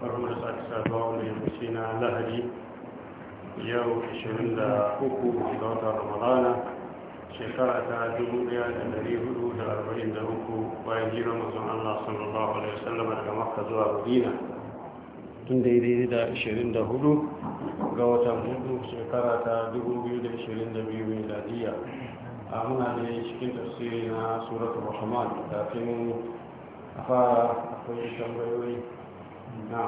farko da sake saduwa wanda ya na lahari yau 23 ga watan ramadana shekara ta 1443 bayan jiran mazan allah sallallahu alaihi wasallam daga makka zuwa madina tun daidai da 24 ga watan hudu shekara ta 2022 miladiya a muna ne cikin tafsiri na suratul rahman kafin a fara akwai tambayoyi na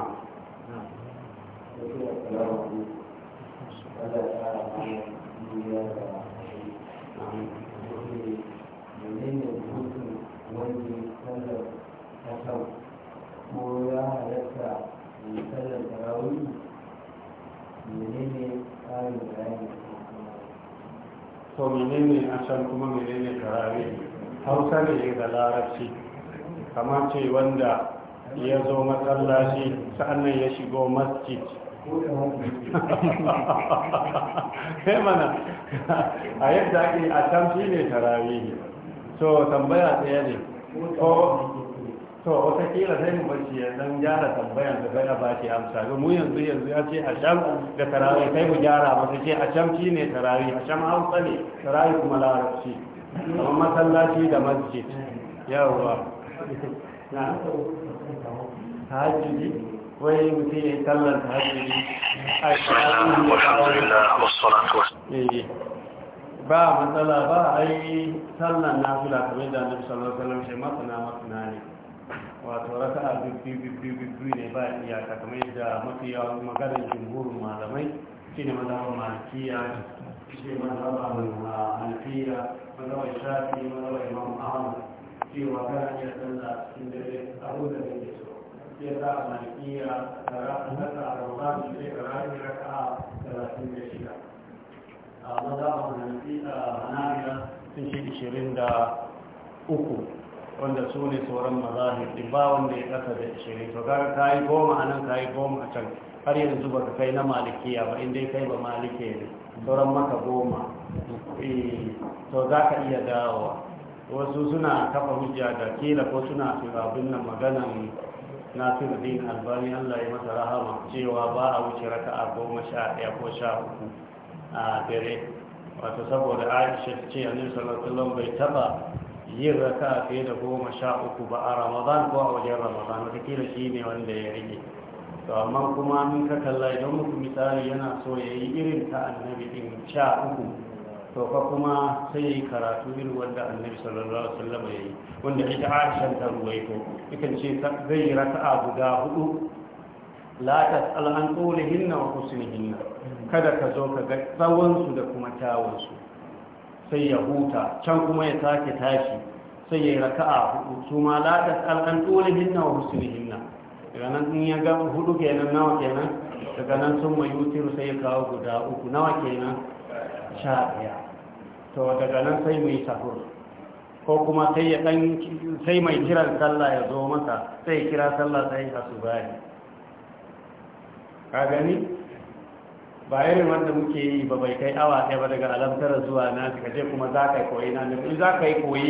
ko ya halatta mai tarawih menene tsarin bayani menene kuma menene tarawih hausa ne da larabci kamar ce wanda ya zo matsalashi sa'annan ya shigo masjid ko mana a yadda ake a can shi ne tarawihi so tambaya ɗaya ne ko to watakila sai mu bashi ya dan gyara tambayan da sai a baki amsa ga mu yanzu yanzu ya ce a can da tarawih sai mu gyara masa ce a can shi ne tarawih a can hausa ne tarawih kuma larabci amma masallaci da masjid yawwa na aka tahajjudi wai mutum ya yi sallar tahajjudi a shi'a'in da ba matsala ba a yi tallan na sallar nafila kamar da annabi sallallahu alaihi wasallam shi masana masana ne wato raka a bibbiyu ne ba iyaka kamar yadda mafi yawan maganin jimhurin malamai shi ne mazhabar malikiya shi ne mazhabar alfiya mazhabar shafi mazhabar imam ahmad cewa kana iya sallah cikin dare abu da ke so ya sa a malikiya da ra'anar a ramadan da ra'ayi a talatin da shida a maza a maliki a hanariya sun ce ishirin da uku wanda su ne sauran mazahir din ba wanda ya kasa da ishirin to kaga ka yi goma a nan ka yi goma a can har yanzu ba ka kai na malikiya ba inda kai ba malike ne sauran maka goma eh, to za ka iya dawowa wasu suna kafa hujja da kila ko suna abin nan maganan nasir din albani allah ya masa rahama cewa ba a wuce raka a goma sha ɗaya ko sha uku a dare Wata saboda aisha ce annabi sallallahu bai taba yin raka fiye da goma sha uku ba a ramadan ko a wajen ramadan wata kila shi ne wanda ya rage to amma kuma in ka kalla idan muku misali yana so ya yi irin ta annabi din sha uku to fa kuma sai yi karatu yin wanda annabi sallallahu alaihi wasallam yayi wanda ita Aisha ta ruwaito ita ce zai yi raka'a guda hudu la tas'al an qulihinna wa husnihinna kada ka zo ka ga tsawon su da kuma tawon su sai ya huta can kuma ya sake tashi sai ya yi raka'a hudu su ma la tas'al an qulihinna wa husnihinna daga nan in ya ga hudu kenan nawa kenan daga nan sun mai yutiru sai ya kawo guda uku nawa kenan sha biyar to daga nan sai mai yi sahur ko kuma sai ya dan sai mai kiran sallah ya zo maka sai kira sallah sai asubahi ka gani ba irin wanda muke yi ba bai kai awa ɗaya ba daga alamtar zuwa na ka je kuma za ka yi koyi na annabi za ka yi koyi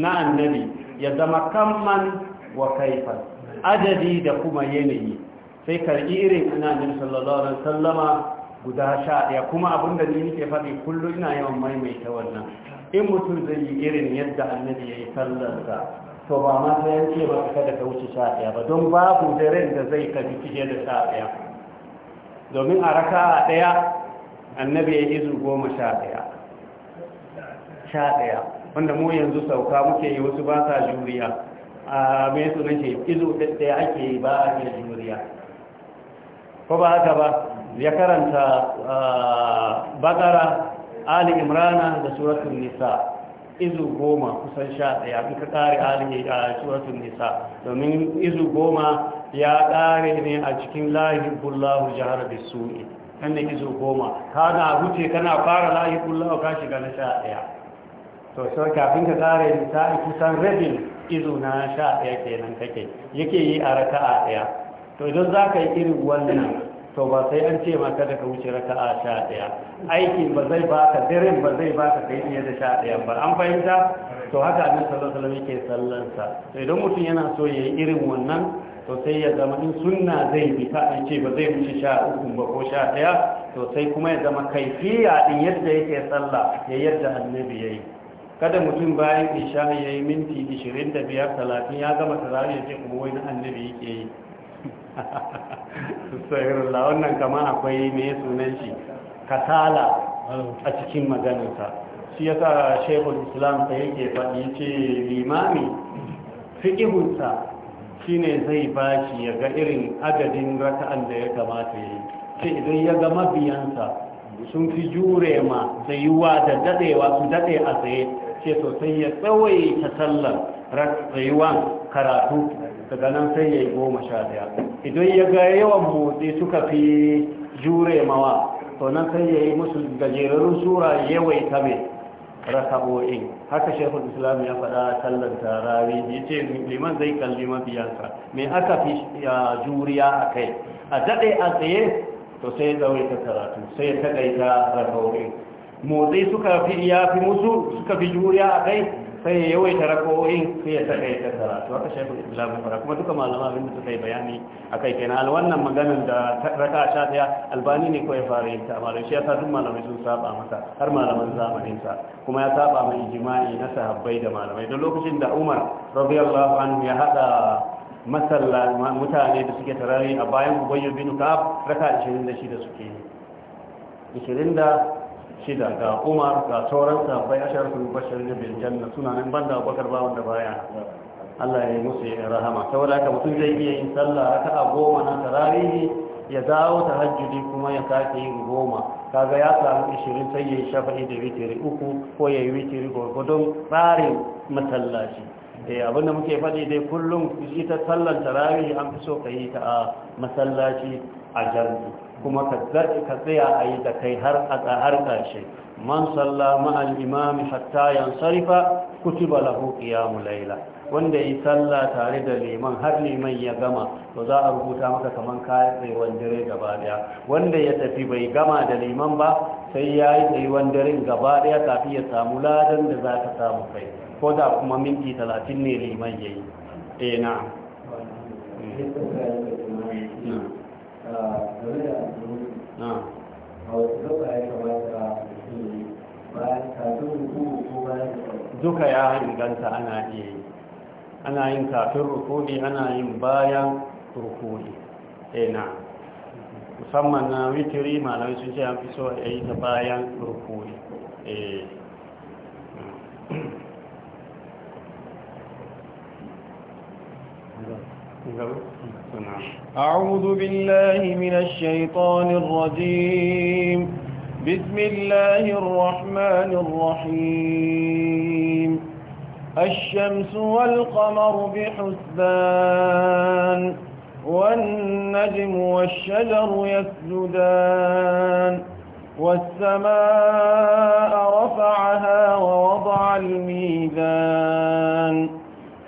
na annabi ya zama kamman wa kaifa adadi da kuma yanayi sai karɓi irin annabi sallallahu alaihi wasallama guda sha ɗaya kuma abinda ni ke faɗi kullum ina yawan maimaita wannan in mutum zai yi irin yadda annabi ya yi sallarsa to ba ma ta yanke ba ka da ka wuce sha ɗaya ba don babu daren da zai ka fi fiye da sha ɗaya domin a raka a ɗaya annabi ya yi izu goma sha ɗaya sha ɗaya wanda mu yanzu sauka muke yi wasu ba sa juriya a mai sunan ke izu ɗaya ake yi ba a juriya ko ba haka ba ya karanta ah, bakara ali imrana da suratun nisa izu goma kusan sha daya. in ka kare ali a ah, suratun nisa domin izu goma ya kare ne a cikin lahi bullahu jihar da su'i kan izu goma kana huce kana fara lahi bullahu ka shiga na sha daya. to sai kafin ka kare nisa kusan rabin izu na sha daya kenan kake yake yi a raka'a to idan za ka yi irin wannan to ba sai an ce ma kada ka wuce raka a sha ɗaya aiki ba zai baka dirin ba zai baka kai fiye da sha daya ba an fahimta to haka abin sallallahu alaihi yake sallansa to idan mutum yana so ya yi irin wannan to sai ya zama in sunna zai bi ka an ce ba zai wuce sha uku ba ko sha ɗaya to sai kuma ya zama kai fiya din yadda yake salla. ya yadda annabi yayi kada mutum bayan isha yayi minti 25 30 ya gama tarawih ya ce kuma wani annabi yake yi sahirullah wannan kama akwai mai sunan shi kasala a cikin maganinsa. shi ya sa shekul islam ta yake faɗi ce limami fiƙihunsa shi ne zai ba shi ya ga irin adadin raka'an da ya kamata ya yi ce idan ya ga mabiyansa sun fi jure ma da yiwa da daɗewa su daɗe a tsaye ce sosai ya ta sallar rayuwan karatu daga nan sai ya yi goma sha daya idan ya ga yawan motsi suka fi jure mawa to nan sai ya yi musu gajerarun sura yawai ta mai rasabo'in haka shekul islam ya faɗa tallar tarawi ya ce liman zai kalli mafiyansa mai aka fi juriya a kai a daɗe a tsaye to sai ya ta karatu sai ya taƙaita rasabo'in motsi suka fi ya fi musu suka fi juriya a kai sai ya yawaita rako'in sai ya saka ya karatu haka shekul fara kuma duka malama da suka yi bayani a kai kenan wannan maganin da raka a shafiya albani ne kawai fara yin ta malamai shi ya sa duk malamai sun saba masa har malaman zamanin sa kuma ya saba mai ijima'i na sahabbai da malamai don lokacin da umar radiyallahu anhu ya hada masalla mutane da suke tarari a bayan ubayyu bin ka'ab raka 26 suke 20 shida ga umar ga sauran a ashar su bashar da bil janna suna nan banda bakar ba wanda baya Allah ya yi musu rahama saboda haka mutum zai iya yin sallah a goma na tarawihi ya zawo ta tahajjudi kuma ya sake yin goma kaga ya samu ishirin sai ya yi shafa'i da witiri uku ko ya yi witiri gwargwadon tsarin masallaci eh abinda muke faɗi dai kullum ita sallar tarawih an fi so ka yi ta a masallaci ajallu kuma ka tsaya a yi da kai har a har ƙarshe man salla ma'al imami hatta yansarifa kutiba lahu qiyamul laila. wanda yi salla tare da liman har liman ya gama to za a rubuta maka kamar kayan tsayuwan dare gaba daya wanda ya tafi bai gama da liman ba sai ya yi tsayuwan dare gaba daya kafin ya samu ladan da za ka samu kai ko da kuma minti talatin ne liman ya yi eh na'am hmm. Hmm. game da duka ya inganta ana iya yi ana yin kafin rukuni ana yin bayan rukuni ena, eh, musamman na witiri malamai sun ce an fi so a yi ta bayan rukuni Thank eh, أعوذ بالله من الشيطان الرجيم بسم الله الرحمن الرحيم الشمس والقمر بحسبان والنجم والشجر يسجدان والسماء رفعها ووضع الميزان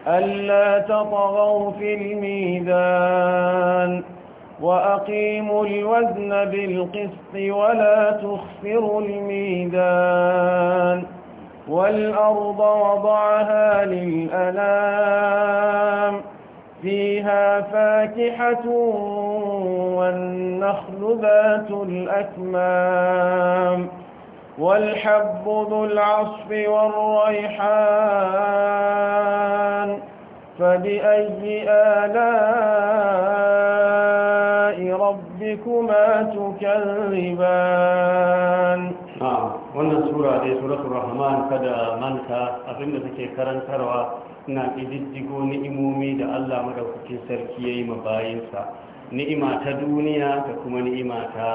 ألا تطغوا في الميدان وأقيموا الوزن بالقسط ولا تخسروا الميدان والأرض وضعها للأنام فيها فاكحة والنخل ذات الأكمام والحب ذو العصف والريحان فبأي آلاء ربكما تكذبان wannan sura dai suratul rahman kada manta abinda take karantarwa na ididdigo ni'imomi da Allah madaukakin sarki yayi ma bayinsa ni'ima ta duniya da kuma ni'ima ta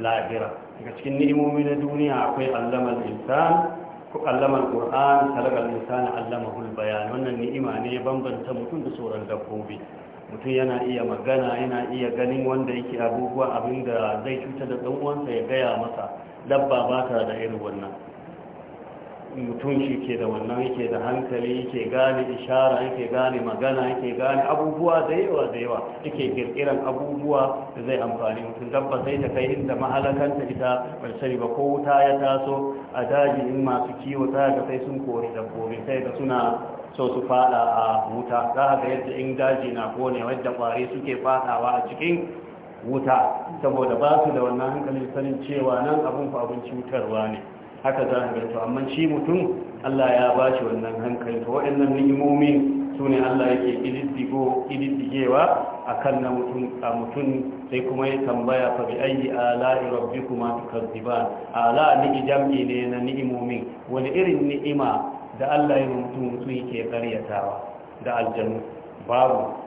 lahira daga cikin ni'imomi na duniya akwai allamal insan ko allamal qur'an insa insan allama bayan wannan ni'ima ne bambanta mutum da sauran dabbobi mutum yana iya magana yana iya ganin wanda yake abubuwa da zai cutar da dan uwansa ya gaya masa dabba ba ta da irin wannan mutum shi ke da wannan yake da hankali yake gane ishara yake gane magana yake gane abubuwa da yawa da yawa yake kirkiran abubuwa da zai amfani mutum dabba sai ta kai inda mahalakanta ita sani ba ko wuta ya taso a daji in masu kiwo ta ka sai sun kori dabbobi sai ka suna so su fada a wuta za ga yadda in daji na kone wadda kwari suke fadawa a cikin wuta saboda ba su da wannan hankalin sanin cewa nan abun fa abin cutarwa ne haka za a to amma shi mutum Allah ya ba shi wannan hankali to waɗannan ni'imomi su ne Allah yake ididdigo a kan na mutum a mutum sai kuma ya tambaya fa bi ayi ala rabbikuma tukazziban ala ni jam'i ne na ni'imomin wani irin ni'ima da Allah ya mutum su yake karyatawa da aljanu babu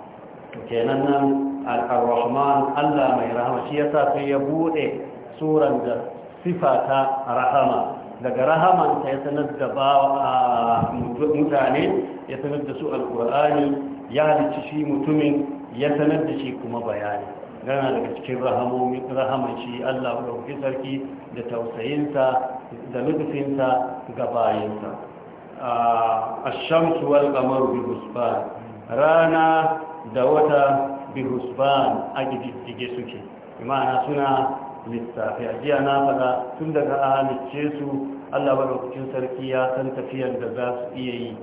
kenan nan al-rahman Allah mai rahama shi yasa sai ya bude suran da sifata rahama daga rahamansa ya sanar da ba mutane ya sanar da su alkur'ani ya halicci shi mutumin ya sanar da shi kuma bayani gana daga cikin rahaman shi allah ɗauki sarki da tausayinsa da lutufinsa ga bayansa a shamsu wal kamar bihusban rana da wata bihusban a gididdige suke imana suna lissafi a jiya na faɗa tun daga a halicce su allah maɗaukacin sarki ya san tafiyar da za su iya yi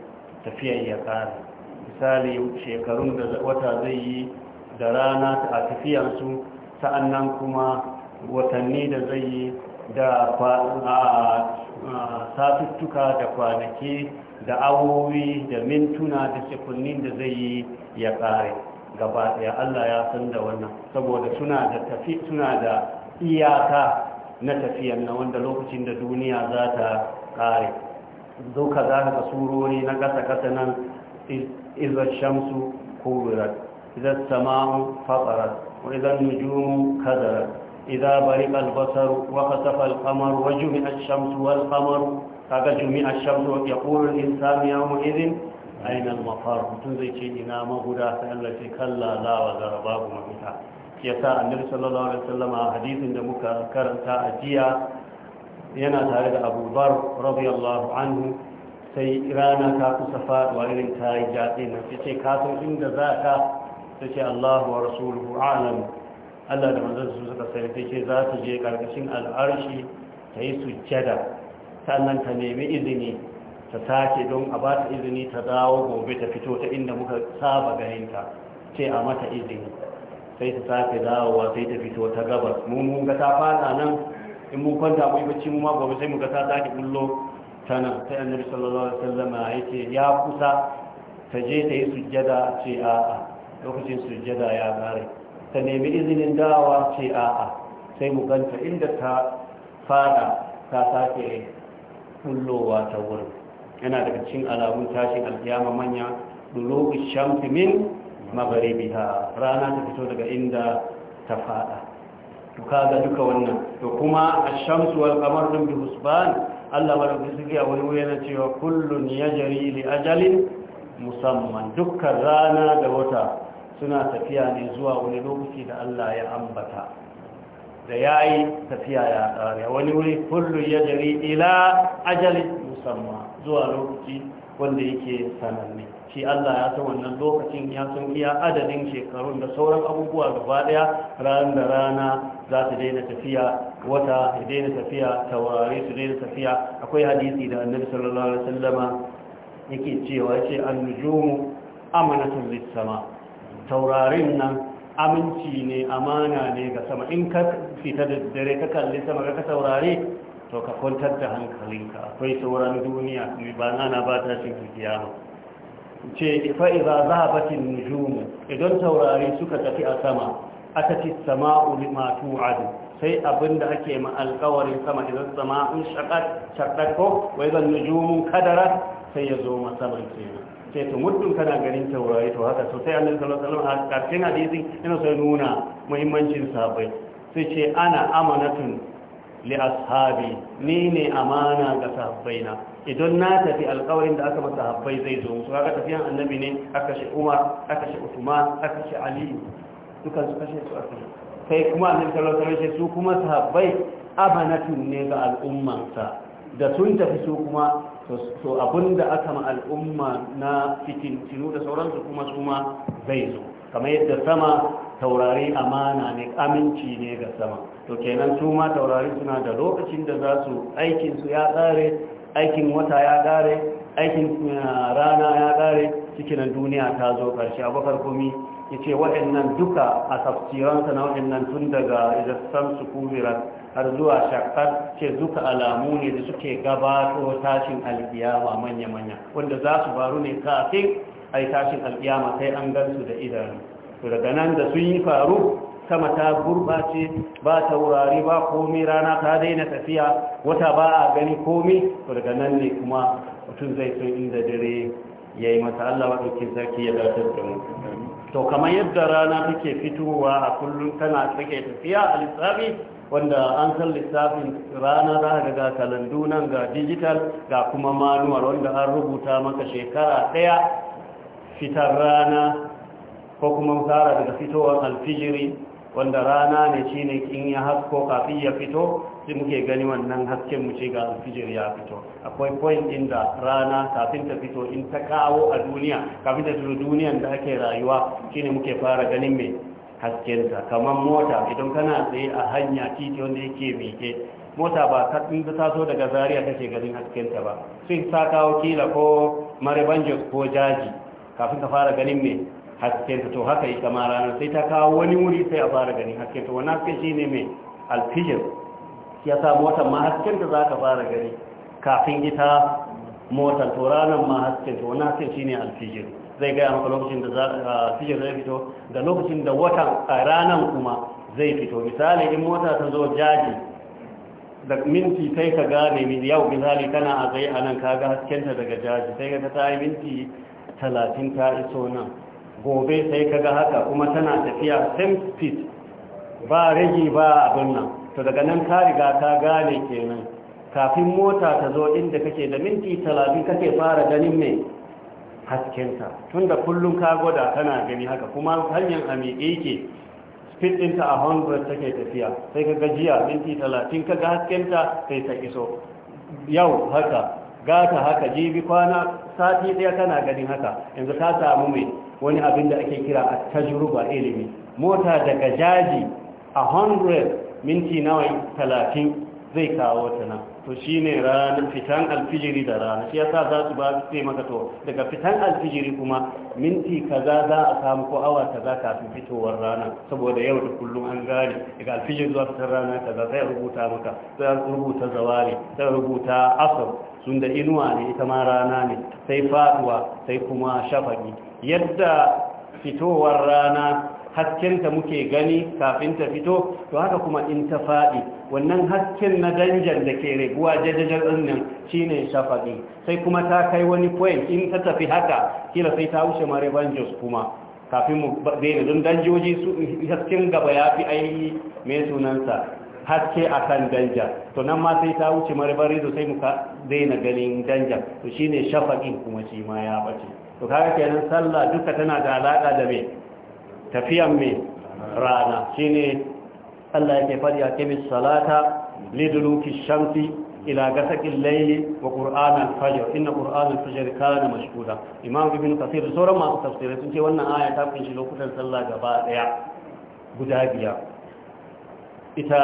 tafiyar ya ƙare misali shekarun da wata zai yi da rana a tafiyarsu sa'annan kuma watanni da zai yi da satuttuka da kwanaki da awowi da mintuna da sekunnin da zai yi ya ƙare gaba ɗaya allah ya san da wannan saboda suna da tafi suna da iyaka na tafiyan na wanda lokacin da duniya za ta kare zuka za ka surori na kasa-kasa nan izar shamsu wurar izar sama'u fatsarar izar nujumu kadarar idza bariqa al-basaru wa qasafa al wa jumi'a ash-shamsu wal-qamaru kaga jumi'a ash-shamsu wa ya ƙorin insanu yawma idhin ayna al-mafar mutun zai ce ina maguda sai Allah ce kalla la wa zarababu mafita ya sa annabi sallallahu alaihi wasallam a hadisin da muka karanta a jiya yana tare da abubar radiyallahu anhu sai rana ta kusa faɗuwa irin ta yi jaɗe na ta ce inda za ka ce allahu wa rasuluhu alam allah da manzan su suka sai ta ce za ta je ƙarƙashin al'arshi ta yi sujjada sannan ta nemi izini ta sake don a ba ta izini ta dawo gobe ta fito ta inda muka saba ganinta ce a mata izini sai ta sake dawowa sai ta fito ta gabas mu mun ga ta fada nan in mun kwanta mu bacci mu ma gobe sai mu ga ta sake bullo ta nan sai annabi sallallahu alaihi wasallam yace ya kusa ta je ta yi sujjada ce a'a lokacin sujjada ya gare ta nemi izinin dawowa ce a'a sai mu ganta inda ta fada ta sake bullowa ta wurin yana daga cikin alamun tashin alkiyama manya dulu shamsi min magharibiha rana ta fito daga inda ta fada to kaga duka wannan to kuma ash-shamsu wal qamar dum bi husban Allah madaukakin sarki a wani wuri yana cewa kullun yajri li ajalin musamman dukkan rana da wata suna tafiya ne zuwa wani lokaci da Allah ya ambata da yayi tafiya ya tsare wani wuri kullun yajri ila ajalin musamman zuwa lokaci wanda yake sananne shi Allah ya san wannan lokacin ya san iya adadin shekarun da sauran abubuwa gaba daya ran da rana za su daina tafiya wata ya daina tafiya taurari su daina tafiya akwai hadisi da annabi sallallahu alaihi wasallama yake cewa yace an-nujumu amanatun lis-sama taurarin nan aminci ne amana ne ga sama in ka fita da dare ka kalli sama ka taurare to ka kwantar da hankalinka akwai sauran duniya ba nana ba ta shi kiyama ce fa'iza zahabatin nujumu idan taurari suka tafi a sama aka ci sama'u limatu adu sai abinda ake ma alkawarin sama idan sama'un shakat ko wai zan nujumun kadara sai ya zo masaman kenan sai to mutum kana ganin taurari to haka sosai annabi sallallahu alaihi wasallam a karshen hadisi yana sai nuna muhimmancin sabai sai ce ana amanatun li ashabi ni ne amana ga sahabbaina idan na tafi alƙawarin da aka masa habbai zai zo musu kaga tafiyan annabi ne aka shi umar aka shi usman aka shi Aliyu, dukan su kashe su aka kai kuma annabi sallallahu alaihi wasallam su kuma su sahabbai amanatun ne ga al'ummansa da sun tafi su kuma to abinda aka ma al'umma na fitin tinu da sauransu kuma su ma zai zo kamar yadda sama taurari amana ne aminci ne ga sama to kenan su ma taurari suna da lokacin da za su aikinsu ya tsare aikin wata ya gare aikin eh, rana ya gare cikin duniya ta zo karshe abubakar komi ya ce waɗannan duka a tafsiransa na waɗannan tun daga idan su kumira har zuwa shakar ce duka alamu ne da suke gabato tashin alkiyama manya-manya wanda za su faru ne kafin a yi tashin alkiyama sai an gansu da idanu daga nan da sun yi faru sama ta ce, ba ta taurari ba komi rana ta daina tafiya wata ba a gani komi to daga nan ne kuma mutum zai so inda dare ya yi masa Allah ɗauki sarki ya datar da mu to kamar yadda rana take fitowa a kullum tana take tafiya a lissafi wanda an san lissafin rana za ga kalandu nan ga digital ga kuma manuwar wanda an rubuta maka shekara ɗaya fitar rana ko kuma tsara daga fitowar alfijiri wanda rana ne shi ne in ya hasko kafin ya fito sai muke gani wannan hasken mu ce ga alfijir ya fito akwai point din da rana kafin ta fito in ta kawo a duniya kafin ta fito duniyan da ake rayuwa shine muke fara ganin mai haskenta kamar mota idan kana tsaye a hanya titi wanda yake mike mota ba ta in ta taso daga zaria take ganin haskenta ba sai ta kawo kila ko maribanjo ko jaji kafin ka fara ganin mai haskenta to haka ita ma ranar sai ta kawo wani wuri sai a fara gani haskenta wani haske shi ne mai alfijir ya sa motar ma haskenta za ka fara gani kafin ita motar to ranar ma haskenta wani haske shi ne alfijir zai gaya maka lokacin da alfijir zai fito da lokacin da watan a ranar kuma zai fito misali in mota ta zo jaji da minti sai ka gane min yau misali kana a zai anan kaga haskenta daga jaji sai ka ta yi minti talatin ta iso nan gobe sai kaga haka kuma tana tafiya same speed ba rage ba abin nan to daga nan ka riga ka gane kenan kafin mota ta zo inda kake da minti talatin kake fara ganin mai haskenta tun da kullum ka gwada kana gani haka kuma hanyar a miƙe speed ɗinta a 100 take tafiya sai ka gajiya minti talatin ka ga haskenta sai ta iso yau haka gata haka jibi kwana sati daya kana ganin haka yanzu ta samu mai wani abin da ake kira a tajruba ilimi mota daga jaji a 100 minti nawa talatin zai kawo ta nan to shine ranar fitan alfijiri da rana shi yasa za su ba su sai maka to daga fitan alfijiri kuma minti kaza za a samu ko awa kaza kafin fitowar rana saboda yau da kullum an gane daga alfijiri zuwa fitar rana kaza sai rubuta maka sai rubuta zawari sai rubuta asr sun da inuwa ne ita ma rana ne sai faduwa sai kuma shafaki yadda fitowar rana haskenta muke gani kafin ta fito to haka kuma in ta faɗi wannan hasken na danjar da ke raguwa jajajar ɗinnan shi ne shafaɗi sai kuma ta kai wani point in ta tafi haka kila sai ta wuce maribanjos kuma kafin mu daina don danjoji hasken gaba ya fi ainihi mai sunansa haske a kan danja to nan ma sai ta wuce maribanjos sai muka daina ganin danja to shi ne shafaɗin kuma shi ma ya ɓace to kaga kenan sallah duka tana da alaƙa da mai tafiyan mai rana shine Allah yake fadi ya kimis salata liduluki shamsi ila gasakin laili wa qur'an al fajar inna qur'an al-fajr kana mashhuda imam ibn kathir sauran masu tafsirai sun ce wannan aya ta kunshi lokutan sallah gaba daya guda biya ita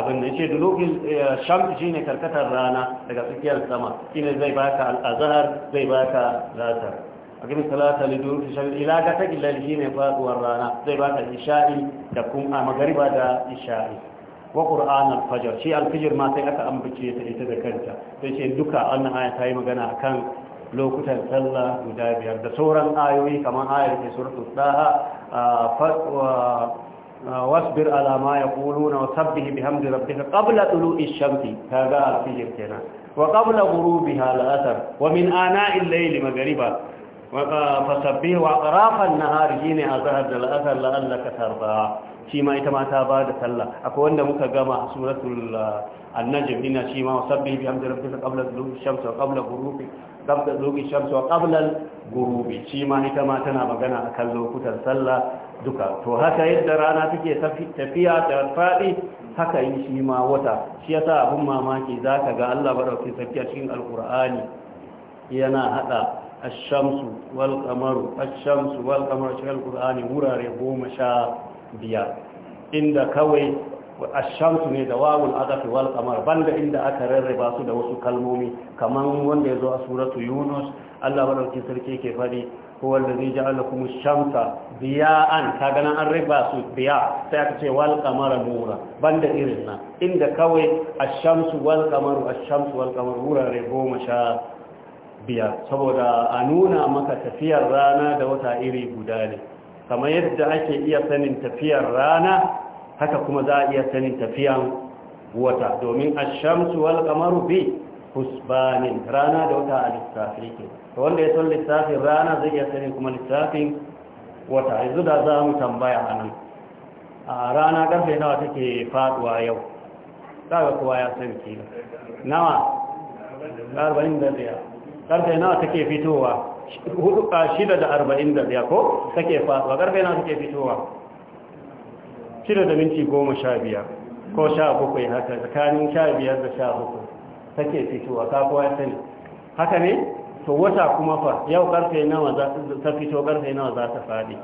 abin da ce dulogin eh, shamsi shine karkatar rana daga tsakiyar sama shine zai baka al-azhar zai baka latar akwai salata da duru shari ila ga ta gilal shi ne faduwar rana zai ba ta isha'i da kuma magariba da isha'i wa qur'an al-fajr shi al-fajr ma sai aka ambace ta ita da kanta sai ce duka wannan aya ta yi magana akan lokutan sallah guda biyar da sauran ayoyi kamar ayar ke suratul daha wasbir ala ma yaquluna wa sabbih bihamdi rabbika qabla tulu'i shamsi kaga al-fajr kenan wa qabla ghurubiha al-asr wa min ana'il layli maghriba fasabbe wa ƙarafan ah, nahari shi ne a zahar da la'asar la'allaka tarba shi ma ita ma ta ba da sallah akwai wanda muka gama a suratul ah, annajim ina shi ma wasabbe bi hamdu rabbika qabla dhulubi shamsi wa qabla ghurubi qabla dhulubi shamsi wa qabla ghurubi shi ma ita ma tana magana akan lokutan sallah duka to haka yadda rana take tafiya ta fadi haka yi shi ma wata shi yasa abun mamaki zaka ga Allah barauki sarki a cikin alqur'ani yana hada ashamsu wal ashamsu wal kamaru alkur'ani wurare goma sha biyar inda kawai ashamsu ne da wawul adafi wal kamar banda inda aka rarraba su da wasu kalmomi kamar wanda ya zo a suratu yunus allah maɗauki sarki ke faɗi huwa allazi ja'ala lakum ash-shamsa diya'an kaga nan an riba su biya sai aka ce irin inda kawai wurare sha biyar saboda a nuna maka tafiyar rana da wata iri guda ne kamar yadda ake iya sanin tafiyar rana haka kuma za a iya sanin tafiyan wata domin ashamsu wal kamaru bi husbanin rana da wata a lissafi ke wanda ya san lissafin rana zai iya sanin kuma lissafin wata yanzu da za mu tambaya anan. nan a rana karfe nawa take faduwa yau kaga kowa ya san kila nawa karfe nawa take fitowa hudu a shida da arba'in da daya ko take fasuwa karfe nawa take fitowa shida da minti goma sha biyar ko sha bakwai haka tsakanin sha biyar da sha bakwai take fitowa ka kowa ya sani haka ne to wata kuma fa yau karfe nawa za ta fito karfe nawa za ta fadi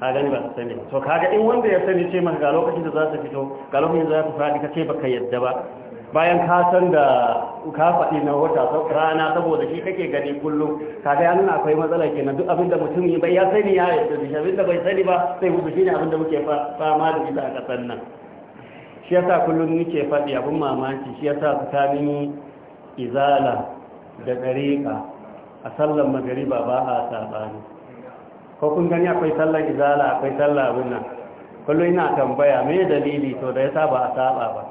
a gani ba su sani to kaga in wanda ya sani ce maka ga lokacin da za ta fito ga lokacin da za ta fadi ka ce baka yadda ba bayan ka san da ka faɗi na wata rana saboda shi kake gani kullum kaga ya nuna akwai matsala kenan duk abinda mutum yi bai ya sani ya yi da shi abinda bai sani ba sai mutu shine abinda muke fama da ita a ƙasar nan shi yasa kullum nake faɗi abin mamaki shi yasa tsakanin izala da ɗariƙa a sallar magari ba a saɓani ko kun gani akwai sallar izala akwai sallar abin nan kullum ina tambaya me dalili to da yasa ba a saɓa ba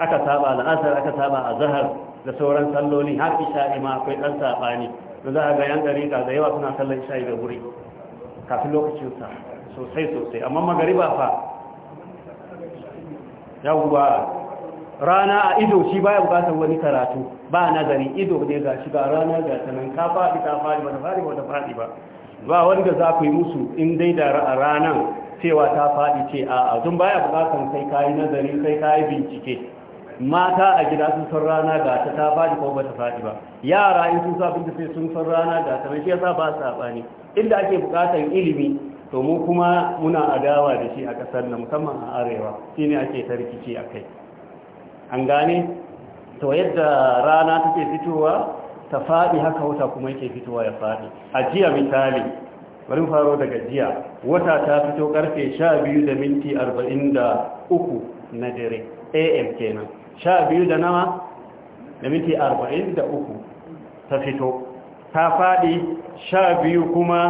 aka saba la'asar aka saba a zahar da sauran salloli har isha'i ma akwai ɗan saɓani da za a ga yan dariƙa da yawa suna sallar isha'i da wuri kafin lokacin sa sosai sosai amma magariba fa yawwa rana a ido shi baya bukatar wani karatu ba nazari ido ne ga shi ga rana ga sanan ka faɗi ta faɗi ba ta faɗi ba ta faɗi ba ba wanda za ku yi musu in dai da ranar cewa ta faɗi ce a azun baya bukatar sai ka yi nazari sai ka bincike mata a gida sun san rana ga ta ta faɗi ko ba ta faɗi ba yara in sun sa abinci sai sun san rana ga ta shi yasa ba su sabani inda ake buƙatar ilimi to mu kuma muna adawa da shi a ƙasar na musamman a arewa shine ake ce a kai an gane to yadda rana take fitowa ta faɗi haka wuta kuma yake fitowa ya faɗi a jiya misali bari faro daga jiya wata ta fito karfe 12 da minti 43 na dare am kenan 12 da nawa da minti 43 ta fito ta fadi 12 kuma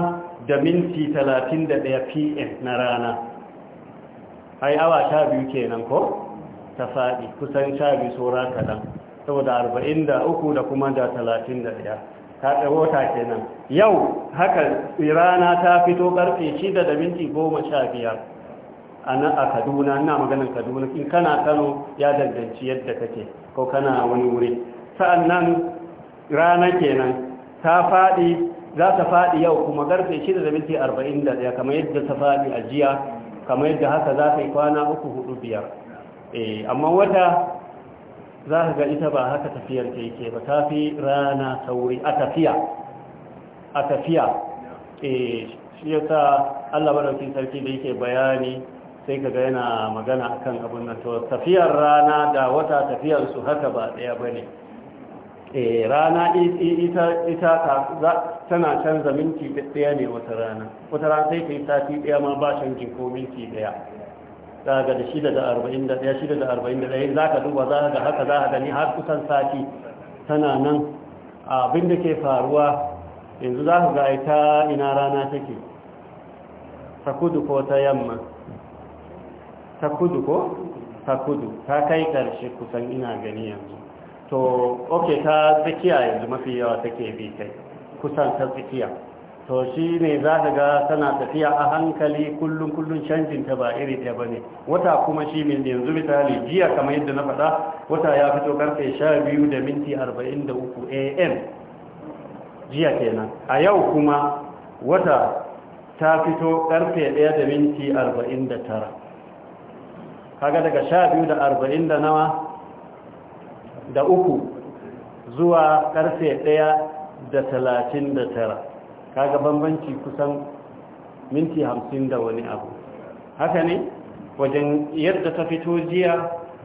da minti 31 pm na rana ai awa 12 kenan ko ta fadi kusan 12 saura kadan saboda 43 da kuma da 31 ta tsawota kenan yau haka rana ta fito ƙarfe shida da minti goma sha biyar a kaduna ina maganin kaduna in kana kano ya danganci yadda kake ko kana wani wuri Sa'an nan rana kenan ta faɗi za ta faɗi yau kuma ƙarfe shida da minti arba'in da ɗaya kamar yadda ta faɗi a jiya kamar yadda haka za ta yi kwana uku hudu biyar eh, amma wata za ka ga ita ba haka tafiyar ta yake ba ta fi rana sauri a tafiya a tafiya e shi ya sa allah madaukin sarki da yake bayani sai ka ga yana magana akan abin nan to tafiyar rana da wata tafiyar su haka ba daya ba ne e rana ita tana canza minti daya ne wata rana wata rana sai ka yi sati daya ma ba canji ko minti daya daga da shida da arba'in da ɗaya shida da arba'in da ɗaya za ka duba za ga haka za ka gani har kusan sati tana nan abin da ke faruwa yanzu za ka ga ita ina rana take ta kudu ko ta yamma ta kudu ko ta kudu ta kai ƙarshe kusan ina gani yanzu to ok ta tsakiya yanzu mafi yawa take bi kai kusan ta tsakiya to shi ne za ka ga tana tafiya a hankali kullum kullum canjin ta ba iri ɗaya ba ne wata kuma shi ne yanzu misali jiya kamar yadda na faɗa wata ya fito karfe sha biyu da minti arba'in da uku am jiya kenan a yau kuma wata ta fito karfe ɗaya da minti arba'in da tara kaga daga sha biyu da arba'in da nawa da uku zuwa karfe ɗaya da talatin da tara kaga bambanci kusan minti hamsin da wani abu haka ne wajen yadda ta fito jiya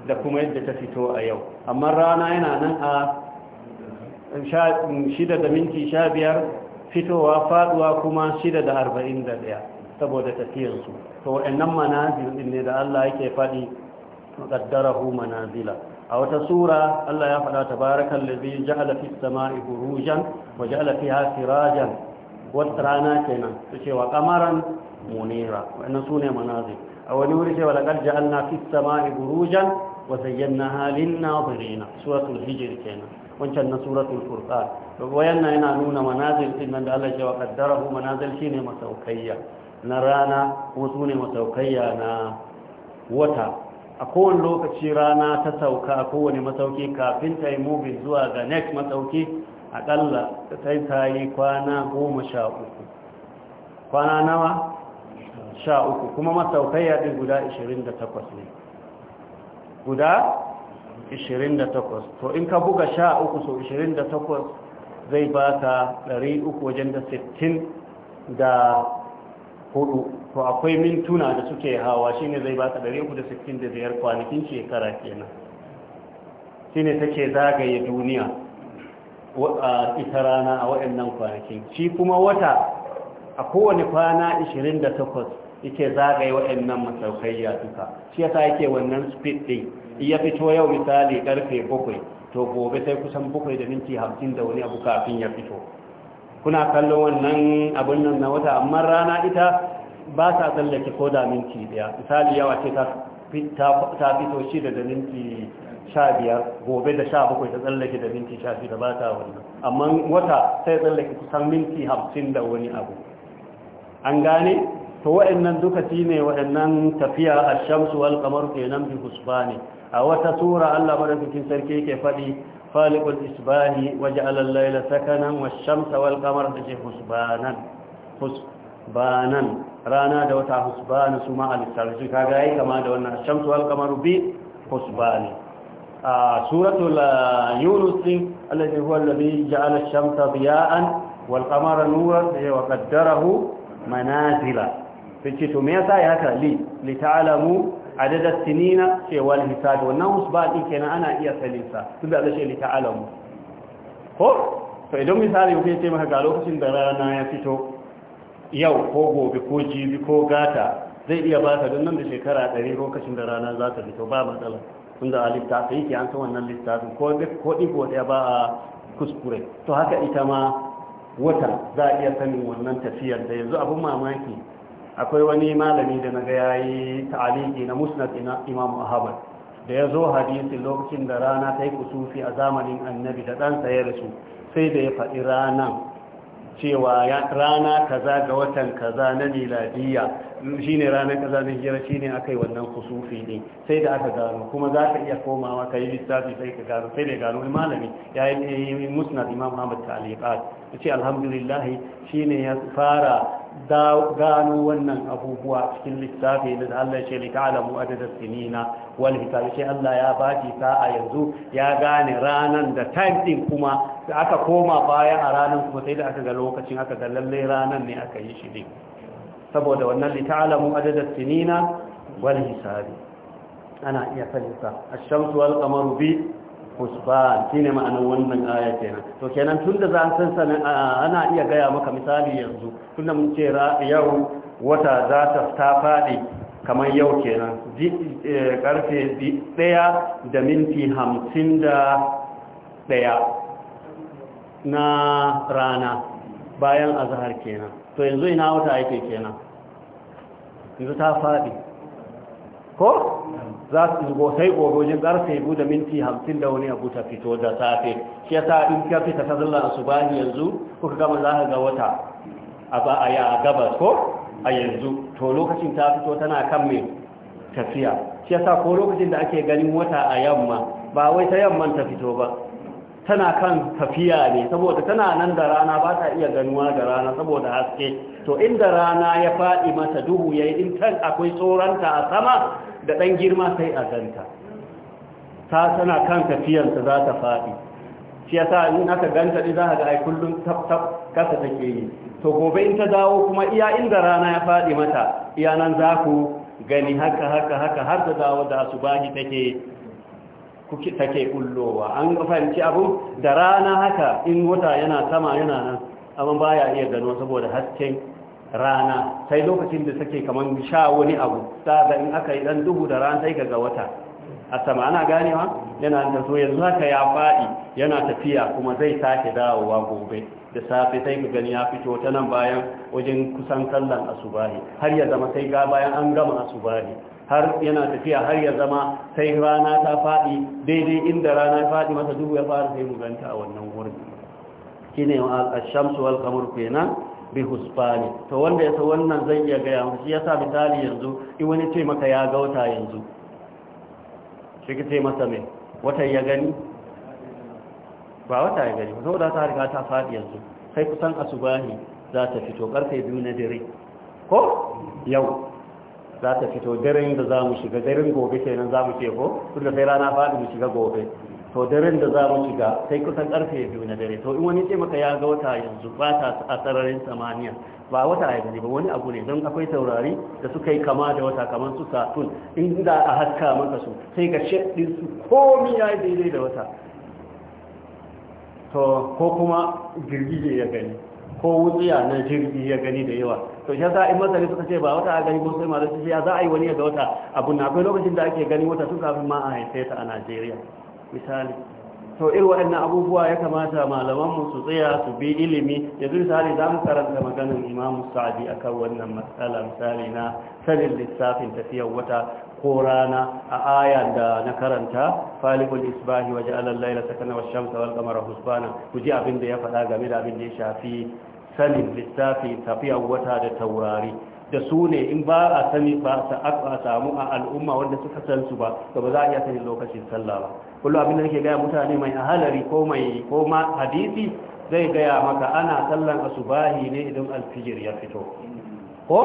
da kuma yadda ta fito a yau amma rana yana nan a shida da minti sha biyar fitowa faduwa kuma shida da arba'in da daya saboda tafiyarsu to wa'annan manazil ne da Allah yake faɗi qaddarahu manazila a wata sura Allah ya faɗa tabarakal ladzi ja'ala fis sama'i burujan wa ja'ala fiha sirajan wata rana kenan su ce wa kamaran munira su ne manazil a wani wuri ce wa laqad ja'alna fis sama'i halin wa zayyanaha lin nazirin suratul hijr kenan wancan na suratul furqan to wayanna yana nuna manazil din nan da Allah ya ce wa qaddarahu manazil shine masaukayya na rana ko ne masaukayya na wata a kowane lokaci rana ta sauka a kowane masauki kafin ta yi mubin zuwa ga next masauki akalla sai ta yi kwana goma sha uku kwana nawa sha uku kuma masaukaiya ɗin guda 28 ne guda 28 to in ka buga sha uku so 28 zai ba ka 300 wajen da 60 da hudu to akwai mintuna da suke hawa shine zai ba ka 365 kwanakin shekara kenan shine take zagaye duniya ita rana a waɗannan kwanakin shi kuma wata a kowane kwana 28 yake zagaye waɗannan masaukaiya duka shi yasa yake wannan speed din iya fito yau misali karfe 7 to gobe sai kusan 7 da minti 50 da wani abu kafin ya fito kuna kallon wannan abin nan na wata amma rana ita ba ta tsallake ko da minti daya misali yawa ce ta fito shida da minti sha gobe da sha bakwai ta tsallake da minti sha da ba ta wani amma wata sai tsallake kusan minti hamsin da wani abu an gane to wa'annan duka shi ne wa'annan tafiya a shamsu wal kamar kenan bi husbani a wata sura allah madaukakin sarki ke faɗi falikul isbani waje alallaila sakanan wa shamsa wal kamar da ce husbanan husbanan rana da wata husbani su ma alistarci kaga ya kama da wannan shamsu wal kamar bi husbani suratul yunus din allazi huwa allazi ja'ala ash-shamsa diya'an wal qamara nuran wa qaddarahu manazila fice to me yasa ya haka li li ta'lamu adada sinina cewa al wannan usba din kenan ana iya salinsa tunda Allah shi li ko to idan misali kuke ce maka ga lokacin da rana ya fito yau ko gobe ko jibi ko gata zai iya baka don nan da shekara 100 lokacin da rana za ta fito ba matsala tun da littafi yake an san wannan littafin ko ko ɗaya ba a kuskure to haka ita ma wata za a iya sanin wannan tafiyar da yanzu abin mamaki akwai wani malami da naga ga ya yi ta'aliki na musnad imam ahmad da ya zo hadisi lokacin da rana ta yi kusufi a zamanin annabi da dan ya rasu sai da ya faɗi ranan cewa rana kaza ga watan kaza na miladiyya shine ranar kaza na hijira shine aka yi wannan kusufi ne sai da aka gano kuma za ka iya komawa ka yi lissafi sai ka gano sai da gano wani malami ya yi musnad imam ahmad talibat ya ce alhamdulillah shine ya fara gano wannan abubuwa cikin lissafi da Allah ya ce li ta'lamu da sinina Wani hisabi sai Allah ya baki sa'a yanzu ya gane ranan da time din kuma aka koma baya a ranar kuma sai da aka ga lokacin aka ga lalle ranan ne aka yi shi din saboda wannan lita'alamu adadar sinina wal hisabi ana iya fahimta ash-shamsu wal qamaru bi husban shine ma'anar wannan aya kenan to kenan tunda za a san sanin ana iya gaya maka misali yanzu tunda mun ce yau wata za ta ta fadi kamar yau kenan karfe eh, 1 da minti 51 na rana bayan azhar kenan to yanzu ina wata yake kenan yanzu ta faɗi ko za su gosai gogojin ƙarfe bu minti hamsin da wani abu ta fito da safe shi sa in ka fita ta zalla su ni yanzu kuka gama za ka ga wata a ba a yaya gabas ko a yanzu to lokacin ta fito tana kan mai tafiya shi sa ko lokacin da ake ganin wata a yamma ba wai ta yamman ta fito ba tana kan tafiya ne saboda tana nan da rana ba ta iya ganuwa da rana saboda haske to inda rana ya faɗi mata duhu ya yi intan akwai tsoronta a sama da ɗan girma sai a ganta ta tana kan ta za ta faɗi shi yasa in aka ganta ne za ga ai tap-tap kasa take yi to gobe in ta dawo kuma iya inda rana ya faɗi mata iya nan za ku gani haka haka haka har da dawo da su baki take take kullowa an fahimci abu da rana haka in wata yana sama yana nan amma baya iya gano saboda hasken rana sai lokacin da take kamar sha wani abu saboda in aka yi dan duhu da rana sai ga wata a sama ana ganewa yana da so yanzu haka ya fadi yana tafiya kuma zai sake dawowa gobe da safe sai ka gani ya fito ta nan bayan wajen kusan sallan asubahi har ya zama sai ga bayan an gama asubahi har yana tafiya har ya zama sai rana ta faɗi daidai inda rana ya faɗi masa duhu ya fara sai mu ganta a wannan wurin shine al-shamsu wal qamar kenan bi husbani to wanda yasa wannan zai iya ga yamu shi yasa misali yanzu in wani ce maka ya ga wata yanzu shi kace masa me wata ya gani ba wata ya gani saboda ta riga ta faɗi yanzu sai kusan asubahi za ta fito karfe biyu na dare ko yau za ta fito daren da za mu shiga daren gobe kenan za mu ce ko tunda sai rana faɗi mu shiga gobe to daren da za mu shiga sai kusan karfe biyu na dare to in wani ce maka ya ga wata yanzu ba ta a sararin samaniya ba wata ya gani ba wani abu ne don akwai taurari da suka yi kama da wata kamar su satun inda a haska maka su sai ga shaɗin su komi ya yi daidai da wata to ko kuma girgije ya gani ko wutsiya na jirgi ya gani da yawa to shi yasa in masani suka ce ba wata a gani ko sai ma sai za a yi wani a ga wata abun na akwai lokacin da ake gani wata tun kafin ma a haife ta a Najeriya misali to irin waɗannan abubuwa ya kamata malamanmu su tsaya su bi ilimi yanzu misali za mu karanta maganin imamu sa'adi a kan wannan matsala misali na sanin lissafin tafiyar wata ko rana a aya da na karanta falikul isbahi waje alallaila sakana wasu shamsa wal kamar husbana ku ji abin da ya faɗa game da abin da ya shafi sanin littafi tafiya wata da taurari da su ne in ba a sani ba a samu a al'umma wanda suka san su ba da ba za a iya sani lokacin sallah ba kullum abin da nake gaya mutane mai ahalari ko mai ko ma hadisi zai gaya maka ana sallan asubahi ne idan alfijir ya fito ko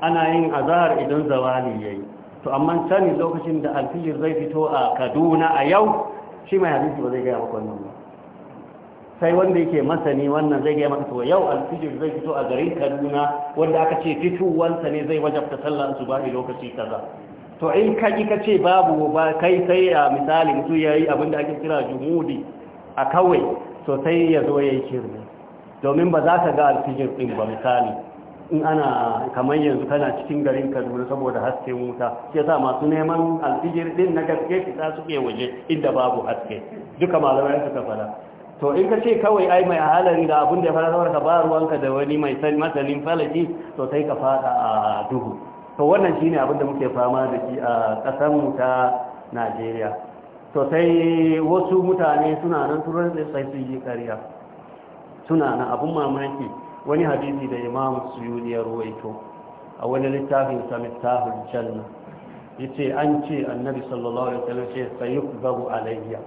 ana yin azhar idan zawali yayi to amma sanin lokacin da alfijir zai fito a Kaduna a yau shi mai hadisi ba zai gaya maka wannan ba sai wanda yake masani wannan zai gaya maka to yau alfijir zai fito a garin kaduna wanda aka ce fitowansa ne zai wajabta sallar su ba lokaci kaza to in ka yi ka ce babu ba kai sai a misali mutu ya yi abinda ake kira jumudi a kawai to sai ya zo ya yi domin ba za ka ga alfijir ɗin ba misali in ana kamar yanzu kana cikin garin kaduna saboda hasken wuta shi sa masu neman alfijir ɗin na gaske fita suke waje inda babu haske duka malamai suka fara to in ka ce kawai ai mai halari da abin da ya fara ka ba ruwanka da wani mai san masanin falaki to sai ka fada a duhu to wannan shine abin da muke fama da shi a kasar mu ta Najeriya to sai wasu mutane suna nan turan sai su yi kariya suna nan abin mamaki wani hadisi da Imam Suyuni ya ruwaito a wani littafin sa Miftahul Janna yace an ce Annabi sallallahu alaihi wasallam sai sayukzabu alayya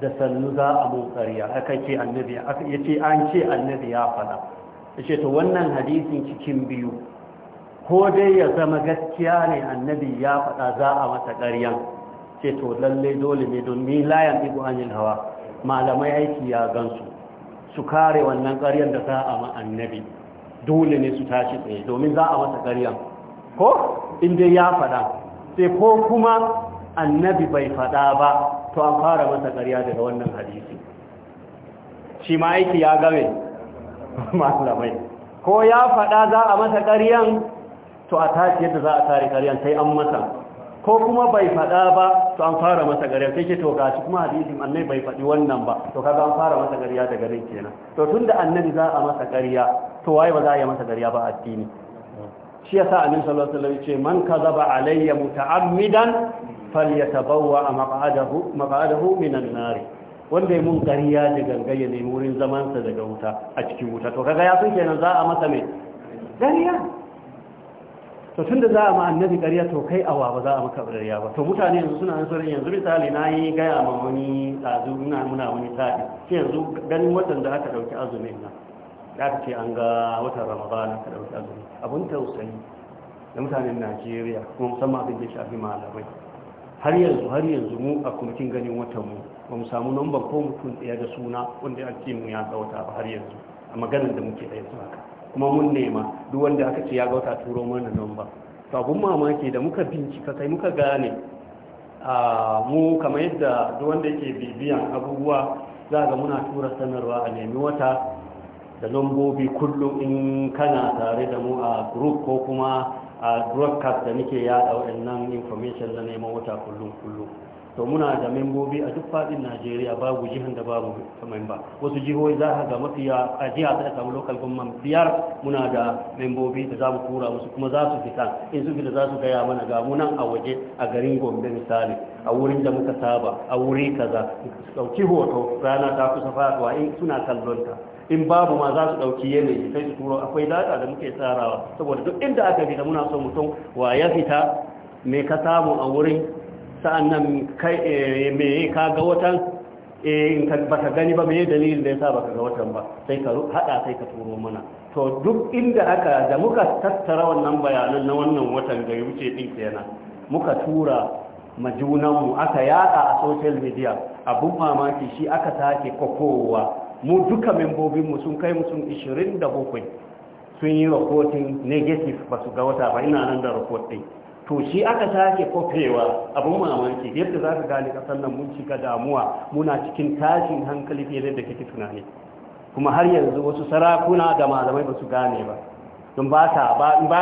da sannu za a mun aka ce annabi ya ce an ce annabi ya faɗa ya ce to wannan hadisin cikin biyu ko dai ya zama gaskiya ne annabi ya faɗa za a masa ƙaryan ce to lallai dole ne domin layan ibu anil hawa malamai aiki ya gansu su kare wannan ƙaryan da za a ma annabi dole ne su tashi tsaye domin za a masa ƙaryan ko inda ya faɗa sai ko kuma annabi bai faɗa ba to an fara masa ƙarya daga wannan hadisi shi ma aiki ya game lamai ko ya faɗa za a masa ƙaryan to a tashi yadda za a tare ƙaryan sai an masa ko kuma bai faɗa ba to an fara masa ƙarya sai ke to shi kuma hadisi annai bai faɗi wannan ba to kaga an fara masa ƙarya daga nan kenan to tun da annabi za a masa ƙarya to waye ba za a yi masa ƙarya ba addini shi yasa annabi sallallahu alaihi wasallam ya ce man kazaba alayya muta'ammidan falyatabawwa maq'adahu maq'adahu minan nar wanda mun kariya da gangaye ne wurin zaman sa daga wuta a cikin wuta to kaga ya san kenan za a masa mai kariya to tunda za a ma annabi kariya to kai awa ba za a maka kariya ba to mutane yanzu suna so yanzu misali na yi gaya ma wani tsazu ina muna wani tsadi sai yanzu ganin watan da aka dauki azumin nan da aka ce an ga watan ramadan aka dauki azumi abun tausayi da mutanen najeriya kuma musamman abin da shafi malamai har yanzu har yanzu mu a kwamitin ganin watan mu ba mu samu lambar ko mutum ɗaya da suna wanda ya ce mu ya ga wata ba har yanzu a maganar da muke ɗaya haka kuma mun nema duk wanda aka ce ya ga wata turo mana lamba to abun mamaki da muka bincika sai muka gane a mu kamar yadda duk wanda yake bibiyan abubuwa za ga muna tura sanarwa a nemi wata da lambobi kullum in kana tare da mu a group ko kuma a broadcast da muke yada waɗannan information na neman wata kullum kullum to muna da membobi a duk fadin najeriya babu jihan da babu memba wasu jihohi za ga mafiya a jiha ta samu local government biyar muna da membobi da za mu kura musu kuma za su fita in su fita za su gaya mana ga munan a waje a garin gombe misali a wurin da muka saba a wuri kaza Dauki hoto rana ta kusa faɗuwa in suna kallon ta in babu ma za su ɗauki yanayi sai su turo akwai data da muke tsarawa saboda duk inda aka fita muna so mutum wa ya fita me ka samu a wurin sa'annan eh, me ka ga watan eh, in baka gani ba me dalilin da yasa baka ga watan ba sai ka hada sai ka turo mana to duk inda aka da muka tattara wannan bayanan na wannan watan da ya wuce din kenan muka tura majunanmu aka yada a social media abun mamaki shi aka sake kokowa mu duka membobinmu sun kai da 27 sun yi rahoton negative ba su ga wata ba ina nan da rahoton ɗin to shi aka sake kofewa abin mamaki yadda za ka gane kasar nan mun shiga damuwa muna cikin tashin hankali fiye da kake tunani kuma har yanzu wasu sarakuna da malamai ba su gane ba don ba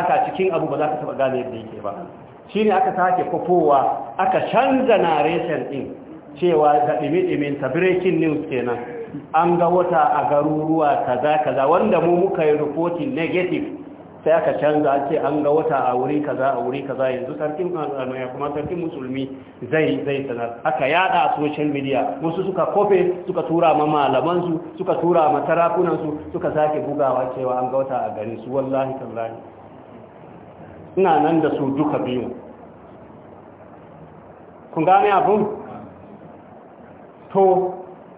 ka cikin abu ba za ka taba gane yadda yake ba shi ne aka sake kofowa aka canza narration din cewa da dimi-dimin ta breaking news kenan an ga wata a garuruwa kaza kaza wanda mu muka yi rufotin negative sai aka canza an ce an ga wata a wuri kaza a wuri kaza yanzu sarkin ya kuma sarkin musulmi zai zai sanar aka yada a social media wasu suka kofe suka tura ma malaman suka tura ma tarakunansu suka sake bugawa cewa an ga wata a gari su wallahi tallahi ina nan da su duka biyu kun gane abun to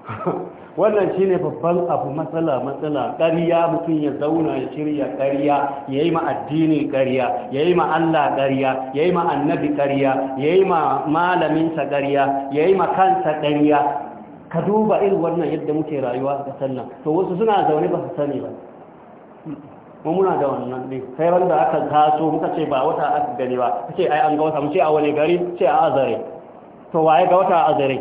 wannan shi ne babban abu matsala matsala ƙarya mutum ya zauna ya shirya ƙarya ya yi ma ƙariya ƙarya ya yi ma Allah ƙarya ya yi ma annabi ƙarya ya yi ma malaminsa ƙarya ya yi ma kansa ƙarya ka duba irin wannan yadda muke rayuwa a ƙasar nan to wasu suna zaune ba su sani ba mu muna da wannan ne sai wanda aka taso muka ce ba wata aka gani ba ce ai an ga wata mu ce a wani gari ce a azare to waye ga wata a azare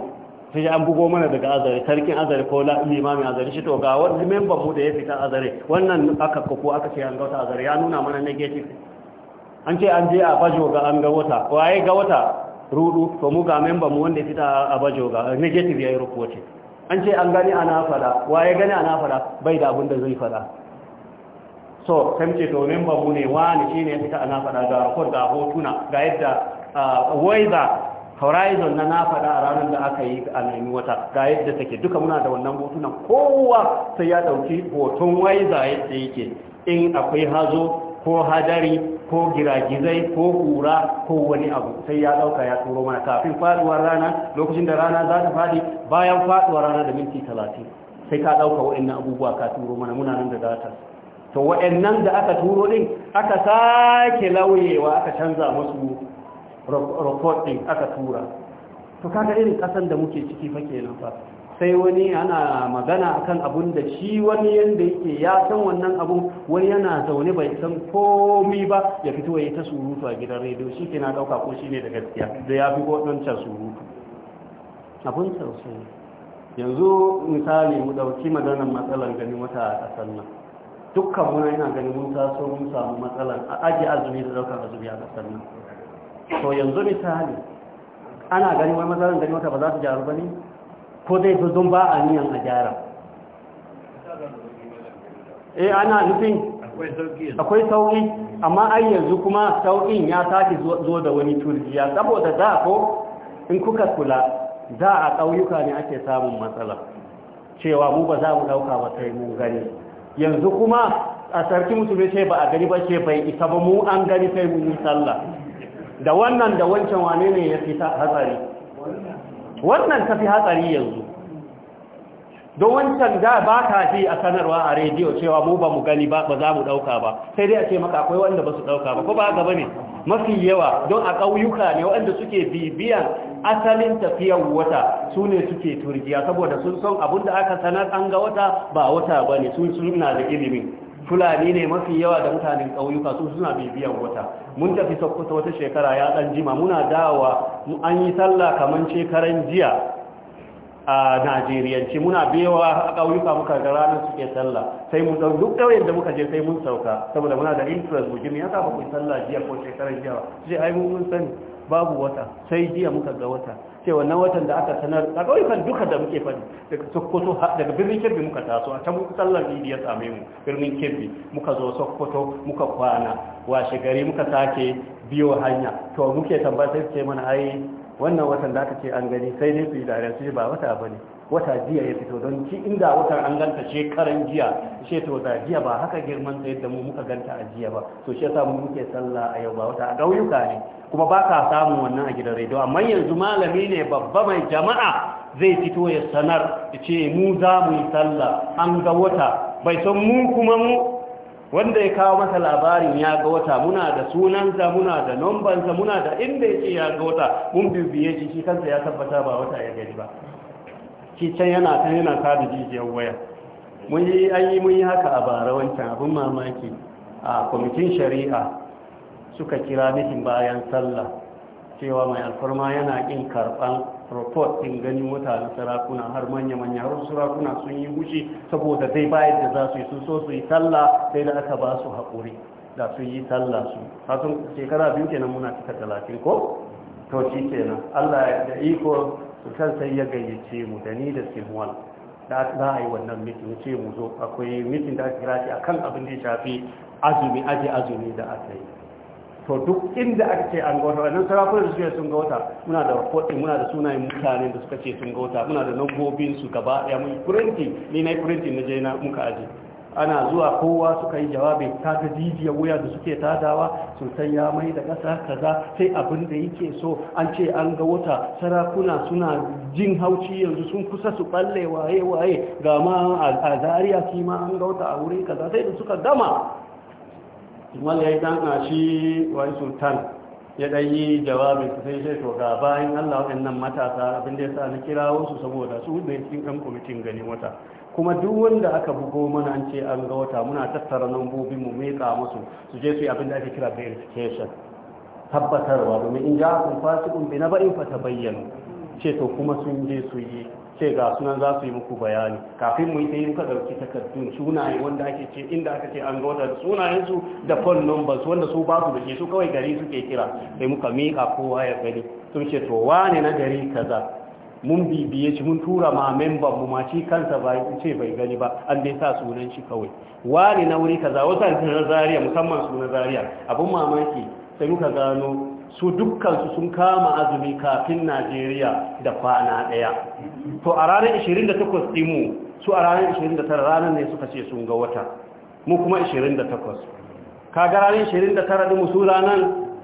sai an bugo mana daga azare sarkin azare ko limamin azare shi to ga wani member mu da ya fita azare wannan aka kuku aka ce an ga wata azare ya nuna mana negative an ce an je a bajo ga an ga wata waye ga wata rudu to mu ga member mu wanda ya fita a bajo ga negative ya yi rubuce an ce an gani ana fada waye gani ana fada bai da abin da zai fada so sai ce to member mu ne wani shine ya fita ana fada ga report ga hotuna ga yadda ah, waiza horizon na na faɗa a ranar da aka yi a alamin wata ga yadda take duka muna da wannan hotunan kowa sai ya ɗauki hoton waiza yadda yake in akwai hazo ko hadari ko giragizai ko kura ko wani abu sai ya ɗauka ya turo mana kafin faɗuwar rana lokacin da rana za ta faɗi bayan faɗuwar rana da minti talatin sai ka ɗauka waɗannan abubuwa ka turo mana muna nan da data to waɗannan da aka turo ɗin aka sake lauyewa aka canza musu report din aka tura to kaga irin kasan da muke ciki fa kenan fa sai wani ana magana akan abun da shi wani yanda yake ya san wannan abun wani yana zaune bai san komai ba ya fito ya ta surutu a gidan rediyo shi ke na dauka ko shi ne da gaskiya da ya fi ta surutu abun tausayi yanzu misali mu dauki maganar matsalar ganin wata a kasar nan dukkan muna yana ganin mun taso mun samu matsalar a aji azumi da ɗaukar azumi a kasar nan to yanzu misali ana gani wai mazarin gani wata ba za su jaru ba ne ko zai su don ba a niyan a gyara eh ana nufin akwai sauƙi, amma ai yanzu kuma saukin ya sake zo da wani turjiya saboda da ko in kuka kula za a ƙauyuka ne ake samun matsala cewa mu ba za mu ɗauka ba sai mun gani yanzu kuma a sarki mutum ce ba a gani ba ce bai isa ba mu an gani sai mu yi sallah da wannan da wancan wane ne ya fi hatsari wannan ta fi hatsari yanzu don wancan da ba ka fi a sanarwa a rediyo cewa mu ba mu gani ba ba za mu ɗauka ba sai dai a ce maka akwai wanda ba su ɗauka ba ko ba gaba ne mafi yawa don a ƙauyuka ne wanda suke bibiyan asalin tafiyar wata su ne suke turjiya saboda sun son abinda da aka sanar an ga wata ba wata ba ne sun suna da ilimin fulani ne mafi yawa da mutanen ƙauyuka su suna bibiyan wata mun tafi sokoto wata shekara ya ɗan jima muna dawa an yi sallah kamar shekaran jiya a najeriyanci muna bewa a ƙauyuka muka ga ranar suke sallah sai mun duk ɗauyen da muka je sai mun sauka saboda muna da interest mu gini ya sa ba ku sallah jiya ko shekaran jiya ba sai ai mun sani babu wata sai jiya muka ga wata ce wannan watan da aka sanar a ƙauyukan duka da muke fadi daga sokoto daga birnin kirbi muka taso a can sallar idi ya same mu birnin kirbi muka zo sokoto muka kwana washe gari muka sake biyo hanya to muke tambaya sai ce mana ai wannan watan da aka ce an gani sai ne su yi dare su ba wata ba ne wata jiya ya fito don ci inda watan an ganta shekaran jiya she to da jiya ba haka girman da yadda mu muka ganta a jiya ba to shi yasa mu muke sallah a yau ba wata a gauyuka ne kuma ba ka samun wannan a gidan rediyo amma yanzu malami ne babba mai jama'a zai fito ya sanar ya ce mu za mu yi sallah an ga wata bai san mu kuma mu wanda ya kawo masa labarin ya ga wata muna da sunansa muna da nombansa muna da inda ya ya ga wata mun bibiye shi shi kansa ya tabbata ba wata ya gani ba shi can yana kan yana kada jijiyar waya mun yi an yi mun yi haka a bara wancan abin mamaki a kwamitin shari'a suka kira mitin bayan sallah cewa mai alfarma yana ƙin karɓan report ɗin ganin mutane sarakuna har manya-manya har sarakuna sun yi hushi saboda zai bayar da za su yi sun so su yi sallah sai da aka ba su haƙuri da su yi sallah su hatun shekara biyu kenan muna cika talatin ko to shi kenan allah da iko su kan sai ya gayyace mu da ni da simuwal da za a yi wannan mitin ce mu zo akwai mitin da aka kira shi akan abin da ya shafi azumi aji azumi da aka yi to duk inda aka ce an gauta wata wannan sarakunan da suke sun gauta, muna da rahoton muna da sunayen mutanen da suka ce sun gauta, muna da nambobin su gaba ya mun kurinti ni na kurinti na je na muka aje ana zuwa kowa suka yi jawabi ta ta jijiyar wuya da suke tadawa sun ya mai da ƙasa kaza sai abin da yake so an ce an ga wata sarakuna suna jin hauci yanzu sun kusa su ɓalle waye waye ga ma a zariya kima an gauta a wuri kaza sai da suka gama mal ya a shi wani sultan ya dan yi jawabin sai sai to ga bayan Allah waɗannan matasa abin da yasa na kira wasu saboda su ne cikin ɗan kwamitin gani wata kuma duk wanda aka bugo mana an ce an ga wata muna tattara lambobin mu meka musu su je su yi abin da ake kira verification tabbatarwa domin in ja kun fasikun bi na ba'in fa bayyana, ce to kuma sun je su yi ce ga sunan za su yi muku bayani kafin mu yi ta yi muka ɗauki takardun sunaye wanda ake ce inda aka ce an gauta sunayensu da phone numbers wanda su ba su da su kawai gari suke kira sai muka miƙa kowa ya gani sun ce to wane na gari kaza mun bibiye shi mun tura ma memban mu ma shi kansa ba ce bai gani ba an dai sa sunan shi kawai wane na wuri kaza wata na zariya musamman sunan zariya abun mamaki sai muka gano su dukkansu sun kama azumi kafin najeriya da kwana ɗaya to a ranar 28 ɗimu su a ranar 29 ranar ne suka ce sun ga wata mu kuma 28 kaga ranar 29 ɗimu su ranar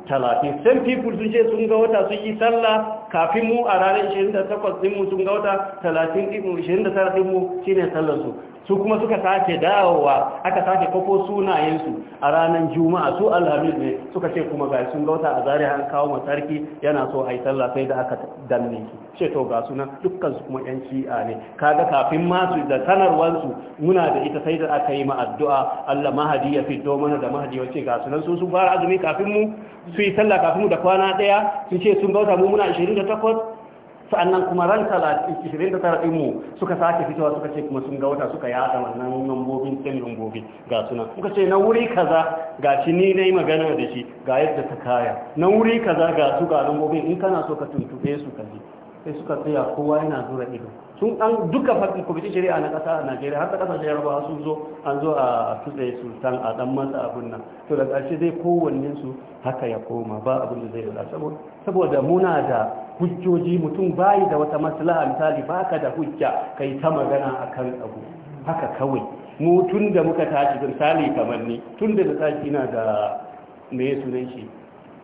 30 same people sun ce sun ga wata su yi sallah kafin mu a ranar 28 ɗimu sun ga wata 30 ɗimu 29 ɗimu shi ne sallarsu su kuma suka sake dawowa aka sake kofo sunayensu a ranar juma'a su alhamis ne suka ce kuma ga sun gauta a zari an kawo masarki yana so a yi sallah sai da aka danne su ce to ga suna dukkan su kuma yan shi'a ne kaga kafin masu da sanarwarsu muna da ita sai da aka yi ma addu'a Allah mahadi ya fito mana da mahadi wace ga sunan su sun fara azumi kafin mu su yi sallah kafin mu da kwana daya sun ce sun gauta mu muna 28 sa'annan kuma ran 29 din mu suka sake fitowa suka ce kuma sun ga wata suka yada wannan lambobin ɗin lambobi ga suna suka ce na wuri kaza ga shi ni yi magana da shi ga yadda ta kaya na wuri kaza ga su ga lambobin in kana so ka tuntube su ka ji sai suka tsaya kowa yana zura ido sun an duka fadin kwamitin shari'a na ƙasa a najeriya har ta ƙasashen yarbawa sun zo an zo a tutse san a dan masa abun nan to da ƙarshe zai kowanne su haka ya koma ba abin da zai rada saboda muna da hujjoji mutum bayi da wata maslaha misali baka da hujja kai ta magana akan abu haka kawai mu tun da muka tashi misali kamar ni tun da na tashi ina da me sunan shi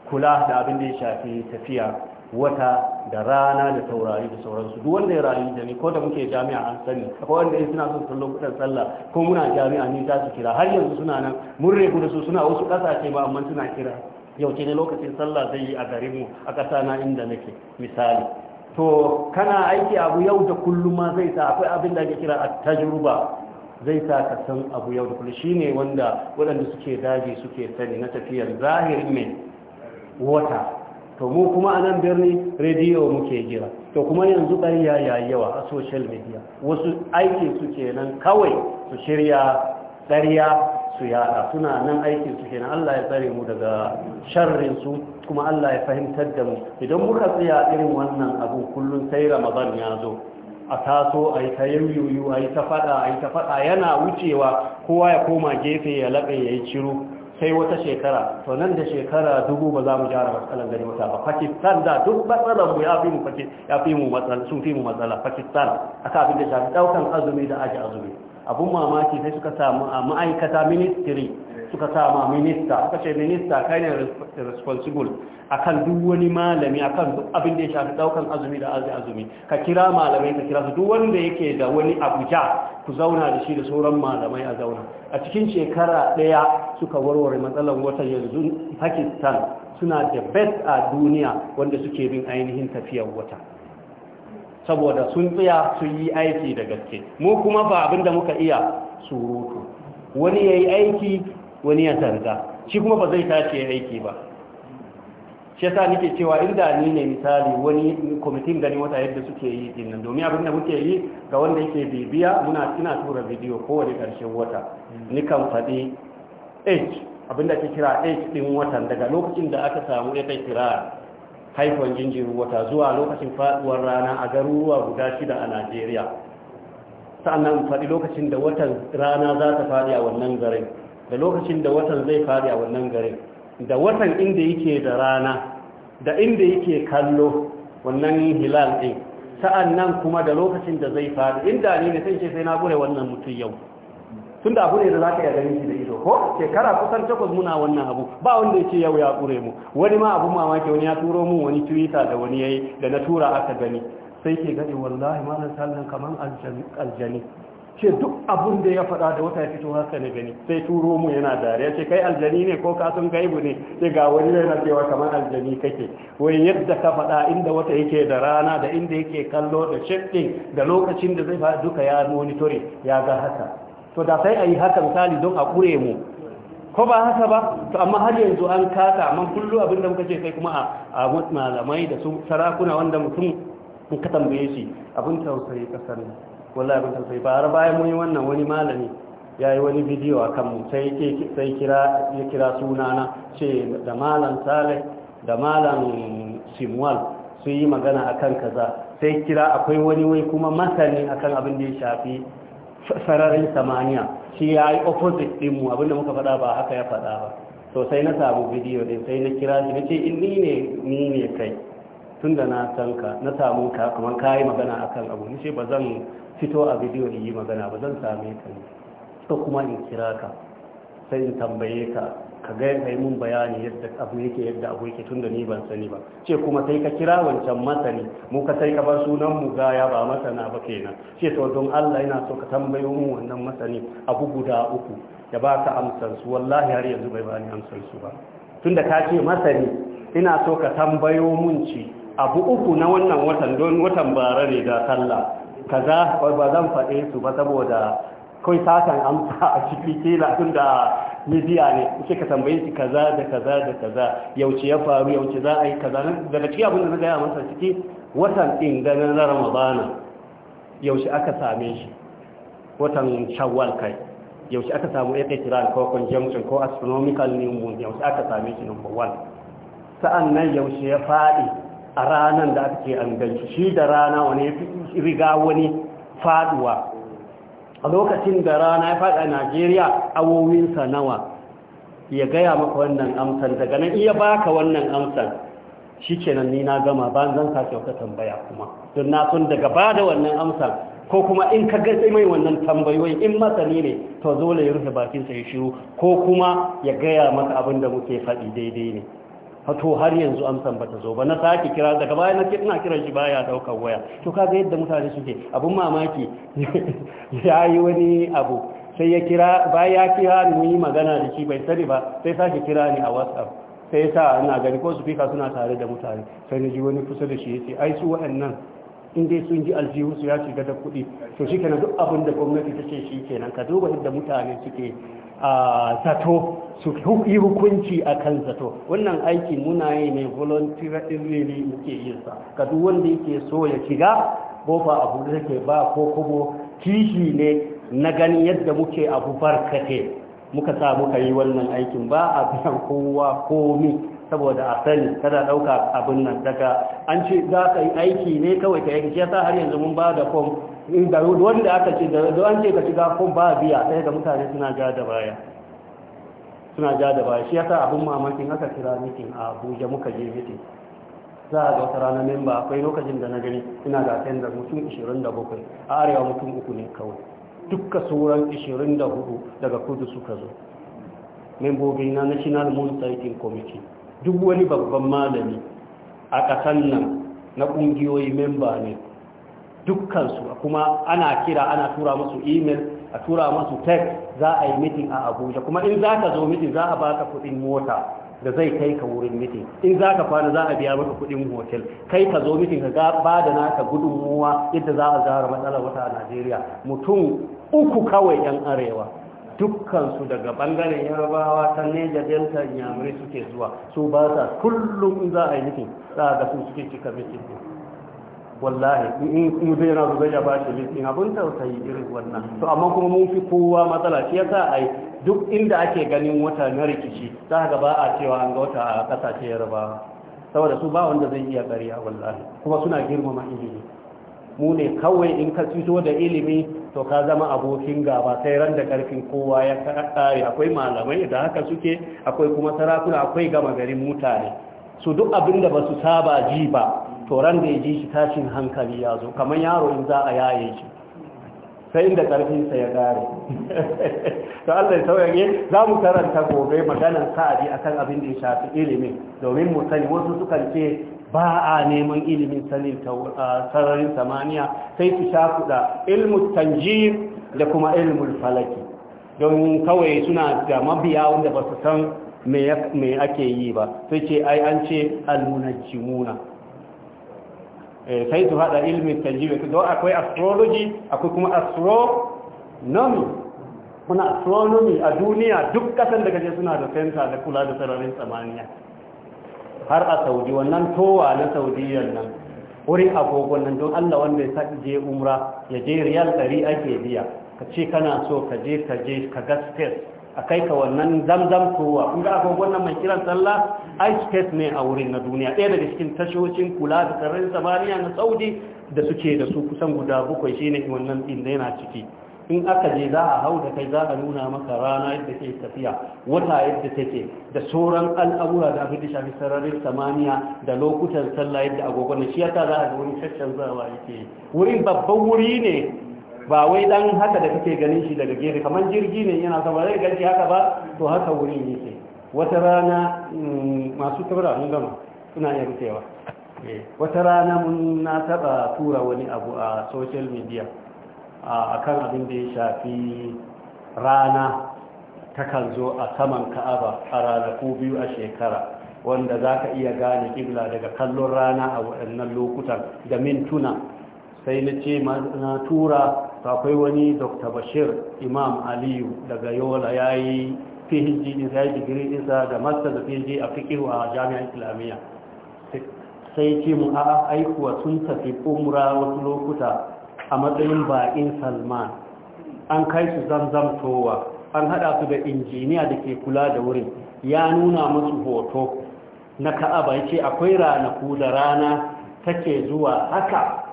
kula da abin da ya shafi tafiya wata da rana da taurari da sauransu duk wanda ya rayu da ni ko da muke jami'a an sani akwai wanda ya suna son sallo kudin sallah ko muna jami'a ni za su kira har yanzu suna nan mun rebu da su suna wasu kasashe ba amma suna kira yaushe ne lokacin sallah zai yi a mu a ƙasa na inda nake misali to kana aiki abu yau da kullum ma zai sa akwai abin da ake kira a tajruba zai sa ka san abu yau da kullum shine wanda waɗanda suke daji suke sani na tafiyar zahirin mai wata to mu kuma a nan birni rediyo muke jira to kuma yanzu ƙarya ya yi yawa a social media wasu aiki suke nan kawai su shirya ƙarya su yada suna nan aikin su kenan Allah ya tsare mu daga sharrin su kuma Allah ya fahimtar da mu idan muka tsaya irin wannan abu kullun sai Ramadan ya zo a taso a yi ta yuyuyu a yi ta fada a yi ta fada yana wucewa kowa ya koma gefe ya laɓe ya yi ciro sai wata shekara to nan da shekara dubu ba za mu gyara matsalar gani wata ba pakistan da duk matsalar mu ya fi mu matsala sun fi mu matsala pakistan aka abin da shafi daukan azumi da aji azumi abun mamaki sai suka samu a ma'aikata ministry suka samu minista suka ce minista kai ne responsible A kan duk wani malami kan duk abin da ya shafi daukan azumi da azumi ka kira malamai ka kira su duk wanda yake da wani abuja ku zauna da shi da sauran malamai a zauna a cikin shekara daya suka warware matsalar watan yanzu pakistan suna da best a duniya wanda suke bin ainihin tafiyar wata saboda sun tsaya sun yi aiki da gaske mu kuma ba abin da muka iya surutu wani ya yi aiki wani ya canza shi kuma ba zai tashi ya aiki ba shi yasa nake cewa inda ni ne misali wani kwamitin gani wata yadda suke yi dinnan domin abin da muke yi ga wanda yake bibiya muna ina tura bidiyo kowane karshen wata kan faɗi h abin da kira h ɗin watan daga lokacin da aka samu ya kai kira haifon jinjirin wata zuwa lokacin faduwar rana a garuruwa guda shida a najeriya sa'annan faɗi lokacin da watan rana za ta faɗi a wannan garin da lokacin da watan zai faɗi a wannan garin da watan inda yake da rana da inda yake kallo wannan hilal ɗin sa'annan kuma da lokacin da zai faɗi inda ne sai sai na gure wannan mutum yau tun da abu ne da za ka iya ganin shi da ido ko shekara kusan takwas muna wannan abu ba wanda ya ce yau ya ƙure mu wani ma abun mamaki wani ya turo mu wani twitter da wani ya yi da na tura aka gani sai ke gani wallahi malam sallan kamar aljani ce duk abun da ya faɗa da wata ya fito haka ne gani sai turo mu yana dariya ce kai aljani ne ko kasan gaibu ne ce ga wani yana cewa kamar aljani kake wai yadda ka faɗa inda wata yake da rana da inda yake kallo da shifting da lokacin da zai faɗa duka ya monitori ya ga haka to da sai a yi haka misali don a kure mu ko ba haka ba to amma har yanzu an kasa amma kullu abinda muka ce sai kuma a malamai da su sarakuna wanda mutum in ka tambaye shi abin tausayi kasar ne wallahi abin tausayi ba har bayan mun yi wannan wani malami ya yi wani bidiyo a mu? sai ya kira sunana ce da malam saleh da malam simwal su yi magana akan kaza sai kira akwai wani wai kuma masani akan abin da ya shafi sararin samaniya shi ya yi opposite abin abinda muka faɗa ba haka ya faɗa ba sosai na samu bidiyo ɗin sai na kira shi na ce in ni ne ni ne kai tun da na san ka na samu ka kamar ka yi magana a kan abu ni ce ba zan fito a bidiyo in yi magana ba zan same ka ne ko kuma in kira ka sai in tambaye ka ka ga kai mun bayani yadda abu yake yadda abu yake da ni ban sani ba ce kuma sai ka kira wancan masani mu ka sai ka bar sunan mu ga ya ba masana ba kenan ce to don Allah yana so ka tambayo mu wannan masani abu guda uku ya ka amsar su wallahi har yanzu bai bani amsar su ba tunda ka ce masani ina so ka tambayo mun ci abu uku na wannan watan don watan bara ne da sallah kaza ba zan faɗe su ba saboda akwai satan amsa a ciki kila tun da midiya ne sai ka tambaye shi kaza da kaza da kaza yauce ya faru yauce za a yi kaza daga cikin abin da na gaya masa ciki watan din ganin na ramadana yaushe aka same shi watan shawwal kai yaushe aka samu ya kai ko conjunction ko astronomical new moon yaushe aka same shi number one sa'an nan yaushe ya faɗi a ranar da aka an ganci shi da rana wani riga wani faduwa a lokacin da rana ya faɗa najeriya awowinsa nawa ya gaya maka wannan amsan daga nan iya baka wannan amsan shi kenan ni na gama ba zan sake wata tambaya kuma don na sun daga ba da wannan amsan ko kuma in ka ga mai wannan tambayoyi in masani ne to zo ya rufe bakinsa ya shiru ko kuma ya gaya maka abin da muke faɗi daidai ne Wato har yanzu amsan bata zo ba na sake kira daga baya na ina kiran shi baya daukar waya to kaga yadda mutane suke abun mamaki yayi wani abu sai ya kira baya kira ni yi magana da shi bai sani ba sai sake kira ni a WhatsApp sai sa ina gani ko speaker suna tare da mutane sai na ji wani kusa da shi yace ai su wa'annan in dai sun ji aljihu su ya shiga da kuɗi to shi kenan duk abin da gwamnati ta ce shi kenan ka duba yadda mutane suke a zato su yi hukunci a kan zato. wannan aiki muna yi ne voluntarily muke yin sa ka duk wanda yake so ya shiga bofa abu da take ba ko kuma kishi ne na ganin yadda muke abu barkate muka sa muka yi wannan aikin ba a biyan kowa komi saboda a sani kada dauka abin nan daga an ce za ka yi aiki ne kawai ka yi yasa har yanzu mun ba da fom wanda aka ce da an ce ka shiga fom ba biya sai ga mutane suna ja da baya suna ja da baya shi yasa abin mamakin aka kira mitin a abuja muka je mitin za a ga wata ranar memba akwai lokacin da na gani ina ga da mutum 27 a arewa mutum uku ne kawai dukka sauran 24 daga kudu suka zo membobi na national moon sighting committee duk wani babban malami a ƙasan nan na ƙungiyoyi memba ne dukkansu kuma ana kira ana tura masu email a tura masu text za a yi mitin a abuja kuma in za ka zo mitin za a baka kuɗin mota da zai kai ka wurin mitin in za ka kwana za a biya maka kuɗin hotel kai ka zo mitin ka ba da naka gudunmuwa yadda za a zara matsalar wata a najeriya mutum uku kawai yan arewa dukkansu daga bangaren yarbawa ta neja delta yamurai suke zuwa su ba sa kullum za a yi nufin za a ga sun suke cika mitin wallahi in zai na zubai ya bashi mitin abin tausayi irin wannan to amma kuma mun fi kowa matsala shi yasa yi. duk inda ake ganin wata na rikici za ga ba a cewa an ga wata a kasashe yarbawa saboda su ba wanda zai iya ƙarya wallahi kuma suna girmama ilimi mu ne kawai in ka fito da ilimi to ka zama abokin gaba sai ran da karfin kowa ya kare akwai malamai da haka suke akwai kuma sarakuna akwai gama garin mutane su duk abin da ba su saba ji ba to ran da ya ji shi tashin hankali ya zo kamar yaro in za a yaye shi sai inda ƙarfinsa ya gare to Allah ya sauyaye za mu karanta gobe maganar sa'adi akan abin da ya shafi ilimin domin mu sani wasu sukan ce ba a neman ilimin sanin sararin samaniya sai su kuɗa ilmul tanjir da kuma ilmul falaki don kawai suna da mabiya wanda ba su san me ake yi ba sai ce ai an ce almunajimuna eh, sai su haɗa ilmin tanjir don akwai astrology akwai kuma astronomy kuna astronomy a duniya duk kasan da kaje suna da fenta da kula da sararin samaniya har a saudi wannan towa na saudiyyar nan wurin agogon nan don allah wanda ya je umra ya je riyal ɗari ake biya ka ce kana so ka je ka je ka ga space a kai ka wannan zamzam towa kun ga agogon nan mai kiran sallah ai space ne a wurin na duniya ɗaya daga cikin tashocin kula da sararin samaniya na saudi da suke da su kusan guda bakwai shine wannan inda yana ciki in aka je za a hau da kai za a nuna maka rana yadda ke tafiya wata yadda take da sauran al'amura da abin da shafi sararin samaniya da lokutan sallah yadda agogon shi yasa za a ga wani shashen zawa yake wurin babban wuri ne ba wai dan haka da kake ganin shi daga gefe kamar jirgi ne yana sama zai ganci haka ba to haka wurin yake wata rana mm, masu tabara mun gama suna iya rufewa eh, wata rana mun na taba tura wani abu a social media a kan abin da ya shafi rana takan zo a saman ka'aba a ranaku biyu a shekara wanda za ka iya gane ƙibla daga kallon rana a waɗannan lokutan da mintuna sai na ce na tura akwai wani dr bashir imam aliyu daga yola ya yi phd ɗinsa ya yi digiri nisa da master da phd a fikiru a jami'ar islamiyya sai ce mu a aikuwa sun tafi umra wasu lokuta a matsayin baƙin salman an kai su zanzan towa an haɗa su da injiniya da ke kula da wurin ya nuna musu hoto na ka'aba ya ce akwai ranaku da rana take zuwa haka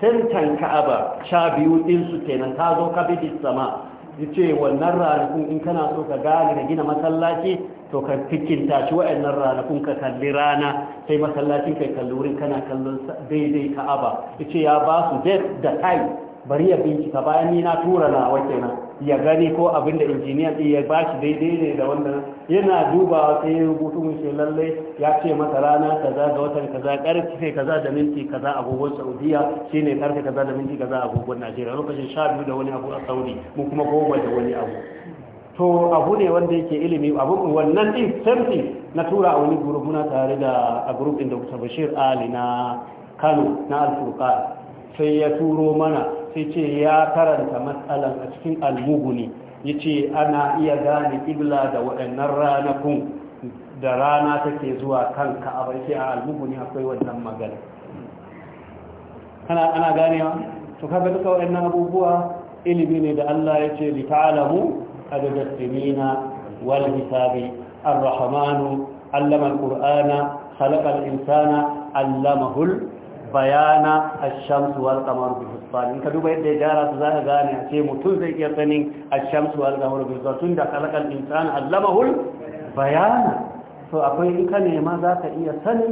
sentan ka'aba sha biyu ɗinsu kenan ta zo kabidin sama ya ce wannan ranakun in kana so ka gane da gina masallaci to ka fikinta shi wa'annan ranakun ka kalli rana sai masallacin kai kalli wurin kana kallon daidai ka aba yace ya ba su date da time bari ya bincika bayan ni na tura na na. ya gani ko abin da injiniyan din ya ba shi daidai ne da wannan yana dubawa sai ya rubutu mun shi lalle ya ce masa rana kaza ga watan kaza karfe kaza da minti kaza agogon Saudiya shine karfe kaza da minti kaza agogon Najeriya lokacin sha biyu da wani abu a Saudi mu kuma goma da wani abu to abu ne wanda yake ilimi abu wannan din samti na tura a wani group muna tare da a group din Dr. Bashir Ali na Kano na Al-Furqan sai ya turo mana sai ce ya karanta matsalan a cikin almuguni ya ce ana iya gane ibla da waɗannan ranakun da rana take zuwa kan ka'aba sai a al-Mughni akwai wannan magana ana ana ganewa to kaga duka waɗannan abubuwa ilimi ne da Allah yace ce li ta'lamu عدد السنين والحساب الرحمن علم القرآن خلق الإنسان علمه البيان الشمس والقمر بالحسبان إنك دوبا يدى جارة ذا غاني عسيم تنزي يقنين الشمس والقمر بالحسبان خلق الإنسان علمه البيان فأقول إنك نعمة ذاك إيا سنة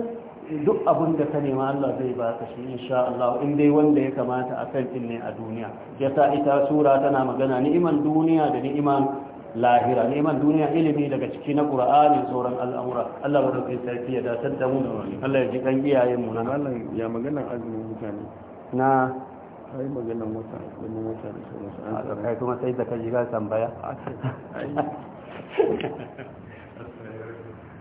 duk abin da ka nema Allah zai baka shi insha Allah in dai wanda ya kamata a kan ne a duniya yasa ita sura tana magana ni'iman duniya da ni'iman lahira ni'iman duniya ilimi daga ciki na qur'ani sauran al'amura Allah ba kai sarki ya datar da mu Allah ya ji kan iyayen mu na Allah ya magana azumin mutane na ai da kai kuma sai da kaji ga tambaya